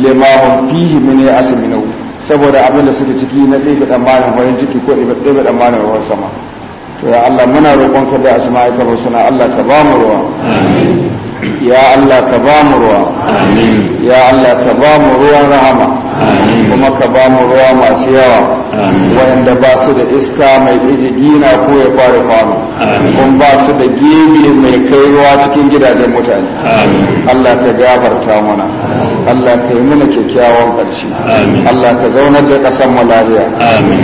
limahum fihi min asminau saboda abin da suke ciki na da tsammanin farin ciki ko da tsammanin ruwan sama to ya Allah muna roƙonka da asma'ika ba suna Allah ka ba mu ruwa amin ya Allah ka ba mu ya ruwan rahama kuma ka ba mu ruwa masu yawa wayanda ba su da iska mai gina ko ya fara kwano kuma ba su da gini mai kai ruwa cikin gidajen mutane Allah ka gabarta mana Allah ka yi mana kyakkyawan ƙarshe Allah ka zaunar da ƙasar mu lafiya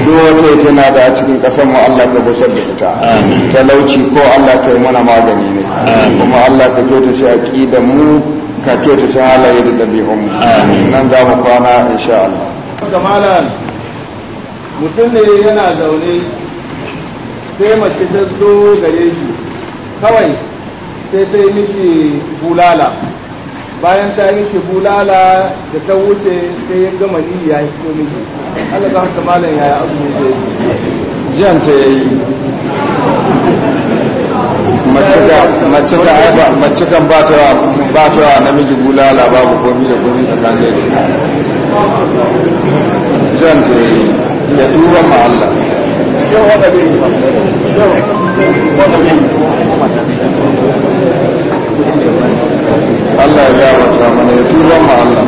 duk wata tana da cikin ƙasar mu Allah ka busar da ita talauci ko Allah ka yi mana magani ne kuma Allah ka kyautace da mu ta kyautata halaye da ɗabi'un nan za mu kwana insha Allah kamalan mutum ne yana zaune sai mace ta zo gare shi kawai sai ta yi mishi bulala bayan ta yi mishi bulala da ta wuce sai ya gama ni ya yi ko miji Allah za mu kamalan ya yi azumi sai jiyan ta yi mace ta haifa mace kan ba ta ba ta namiji bulala babu komi da komi da kan da jan ce ya tura ma Allah Allah ya gawata mana ya tura ma Allah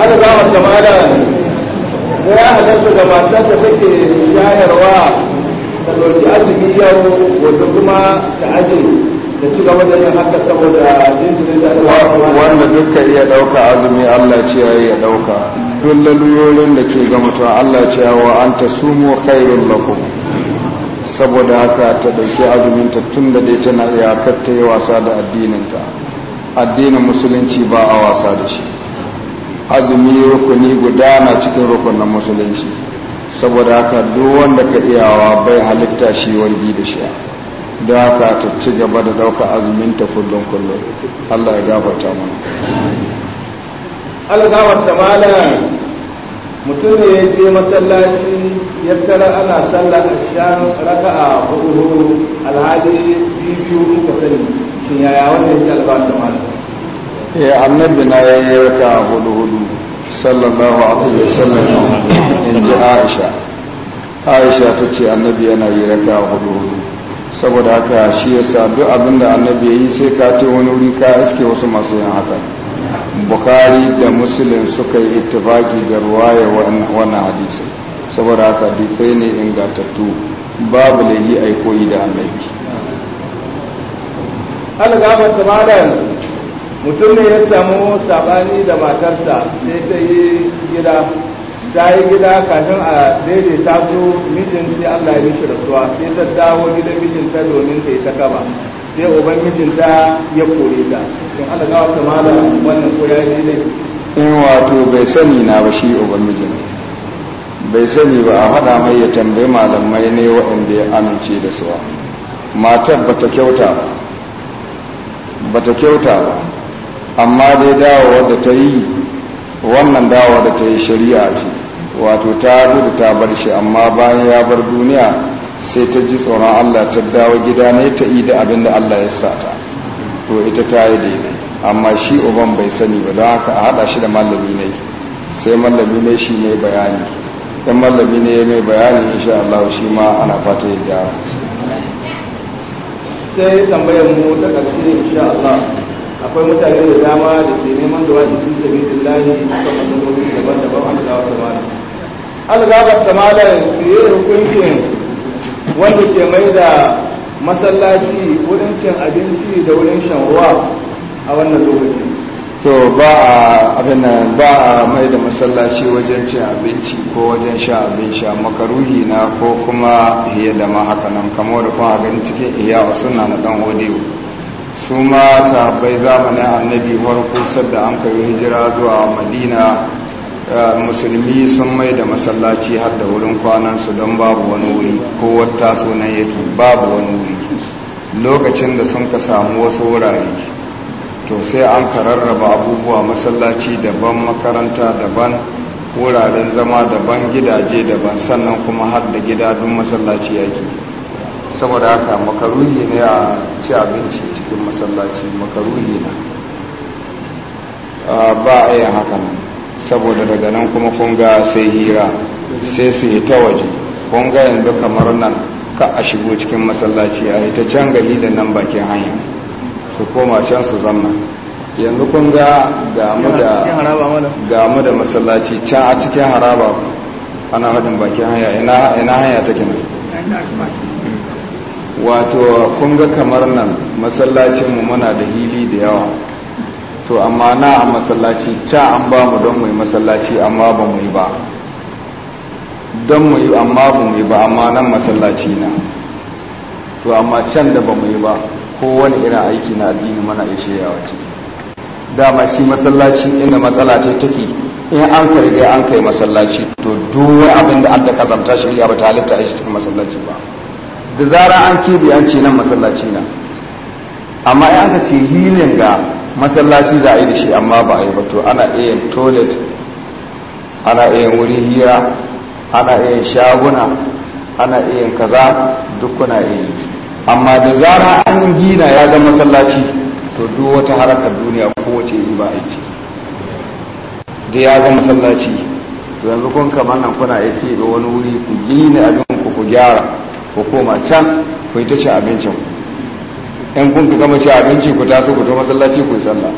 Allah gawata mana ya halarta da matar da take shayarwa ta ɗauki azumi yau gobe kuma ta aje da ci gaba da yin haka saboda jinjirin da wanda dukkan iya ɗauka azumi allah ce ya iya ɗauka duk laluyoyin da ke ga mutum allah ce wa an ta sumo khairun lakum saboda haka ta ɗauki azumin ta tun da dai tana iyakar ta yi wasa da addininta addinin musulunci ba a wasa da shi azumi rukuni guda na cikin rukunan musulunci saboda haka duk wanda ka iyawa bai halitta shi wargi da shi don haka ta ci gaba da dauka azumin ta kullum kullum Allah ya gafarta mana Allah gafarta malam mutum ne ya je masallaci ya tara ana sallar raka a hudu alhali biyu ka sani shi yaya wannan yake albarta malam eh annabi na yayi raka'a hudu hudu sallallahu alaihi wasallam in ji aisha aisha ta ce annabi yana yi raka hudu hudu saboda haka shi yasa duk abinda annabi ya yi sai ka ce wani wuri ka iske wasu masu yin haka bukari da musulun suka yi ittifaki da ruwaya wannan hadisi saboda haka dufai ne ingantattu babu laihi yi koyi da annabi algafar ta mutum ne ya samu sabani da matarsa sai ta yi gida ta yi gida kafin a daidaita su mijin sai allah ya mishi rasuwa sai ta dawo gidan mijinta domin ta yi ta kaba sai uban mijinta ya kore ta sun allah gawa ta mala wannan ko ya yi daidai in wato bai sani na ba shi uban mijin bai sani ba a faɗa mai ya tambayi malamai ne waɗanda ya amince da suwa matar ba kyauta ba ba ta kyauta ba amma dai dawowa da ta yi wannan dawowa da ta yi shari'a ce wato ta gudu ta bar shi amma bayan ya bar duniya sai ta ji tsoron Allah ta dawo gida ne ta yi da abin da Allah ya sa ta to ita ta yi daidai amma shi uban bai sani ba don haka a haɗa shi da mallami ne sai mallami ne shi mai bayani dan mallami ne mai bayani insha Allah shi ma ana fata ya gyara sai tambayar mu ta ƙarshe insha Allah akwai mutane da dama da ke neman da wasu fi sabi da lahi akan matsaloli daban-daban an gawa ta mala an ta mala fiye hukuncin wanda ke mai da masallaci wurin cin abinci da wurin shan ruwa a wannan lokaci to ba a abin ba a mai da masallaci wajen cin abinci ko wajen sha abin sha makaruhi na ko kuma iya da ma haka nan kamar da kuma ganin cikin iya suna na dan hodewa su ma sahabbai zamanin annabi farko sadda an kai hijira zuwa madina eh, musulmi sun mai da masallaci har da wurin kwanan su don babu wani wuri ko wata sunan yake babu wani wuri lokacin da sun ka samu wasu wurare to sai an kararraba abubuwa masallaci daban makaranta daban wuraren zama daban gidaje daban sannan kuma har da gida duk masallaci yake saboda haka makaruhi ne a ci abinci cikin masallaci makaruhi na ah, ba a yi hakan saboda daga nan kuma kunga sai hira sai su yi ta waje kunga yanzu kamar nan ka a shigo cikin masallaci a yi ta can gali da nan bakin hanya su koma can su zama yanzu kun gamu da masallaci can a cikin haraba ana hadin bakin hanya ina hanya take nan wato kun ga kamar nan masallacinmu muna da hili da yawa to amma na a masallaci ca an ba mu don mu yi masallaci amma ba mu yi ba don mu yi amma ba mu yi ba amma nan masallaci na to amma can da ba mu yi ba kowane irin aiki na addini mana ya shirya wace dama shi masallaci inda matsala ce take in an karbe an kai masallaci to duk abin da an da kazanta shirya ba ta halitta a cikin masallaci ba da zara an kebe an ce nan masallaci na amma ya aka ce hilin ga masallaci za a yi da shi amma ba a yi ba to ana iya toilet ana iya wurin hira ana iya shaguna ana iya kaza dukkuna kuna iya amma da zara an gina ya zama masallaci to duk wata harakar duniya kowace yi ba a ciki da ya zama masallaci to yanzu kun kamar nan kuna iya keɓe wani wuri ku gina abin ku ku gyara Ko koma can ku yi ta ci abincin ɗan kun ku gama ci abinci ku taso ku to masallaci ku yi sallah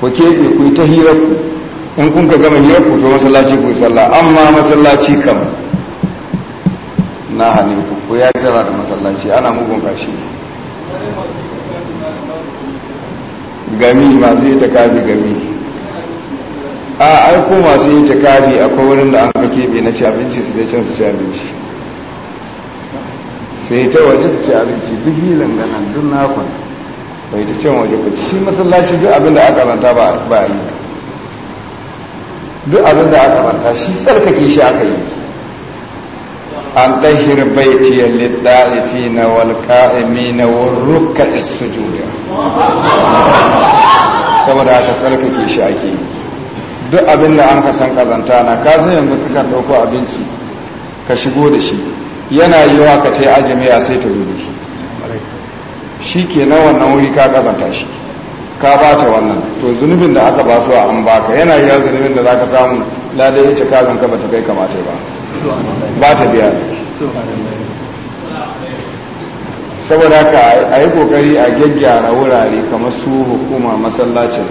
ku keɓe ku yi ta hirar ku ɗan kun ku gama hirar ku to masallaci ku yi sallah amma masallaci kam na hannu ku ku ya tara da masallaci ana mugun kashi gami masu yi ta kafi gami a aiko masu yi kafi akwai wurin da an ka keɓe na ci abinci su zai can su ci abinci sai ta waje su ci abinci duk hilin ganan duk nakon bai ta ce waje ku shi masallaci duk abin da aka ranta ba yi duk abin da aka ranta shi tsarkake shi aka yi an ɗahir baitiyar littafi na walƙa'imi na warruka juriya saboda aka tsarkake shi ake yi duk abin da an kasan kazanta na kasu yanzu kakan ɗauko abinci ka shigo da shi yana yi wa ka ce ajami a sai ta zubi su shi ke na wannan wuri ka kazanta shi ka ba ta wannan to zunubin da aka ba a an baka yana yi wa zunubin da za ka samu lalai ya ce kazan ka ba kai kamata ba ba ta biya saboda ka a yi kokari a gyaggyara wurare kamar su hukuma masallacin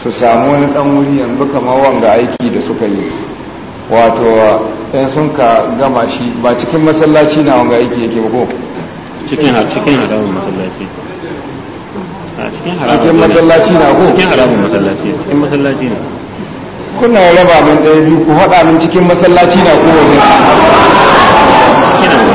su samu wani dan wuri yanzu kamar wanga aiki da suka yi wato in sun ka gama shi ba cikin masallaci na wanga yake yake ba ko cikin cikin haramun masallaci a cikin haramun cikin masallaci na ko cikin haramun masallaci cikin masallaci na kuna raba min ɗaya biyu ku faɗa min cikin masallaci na ko wajen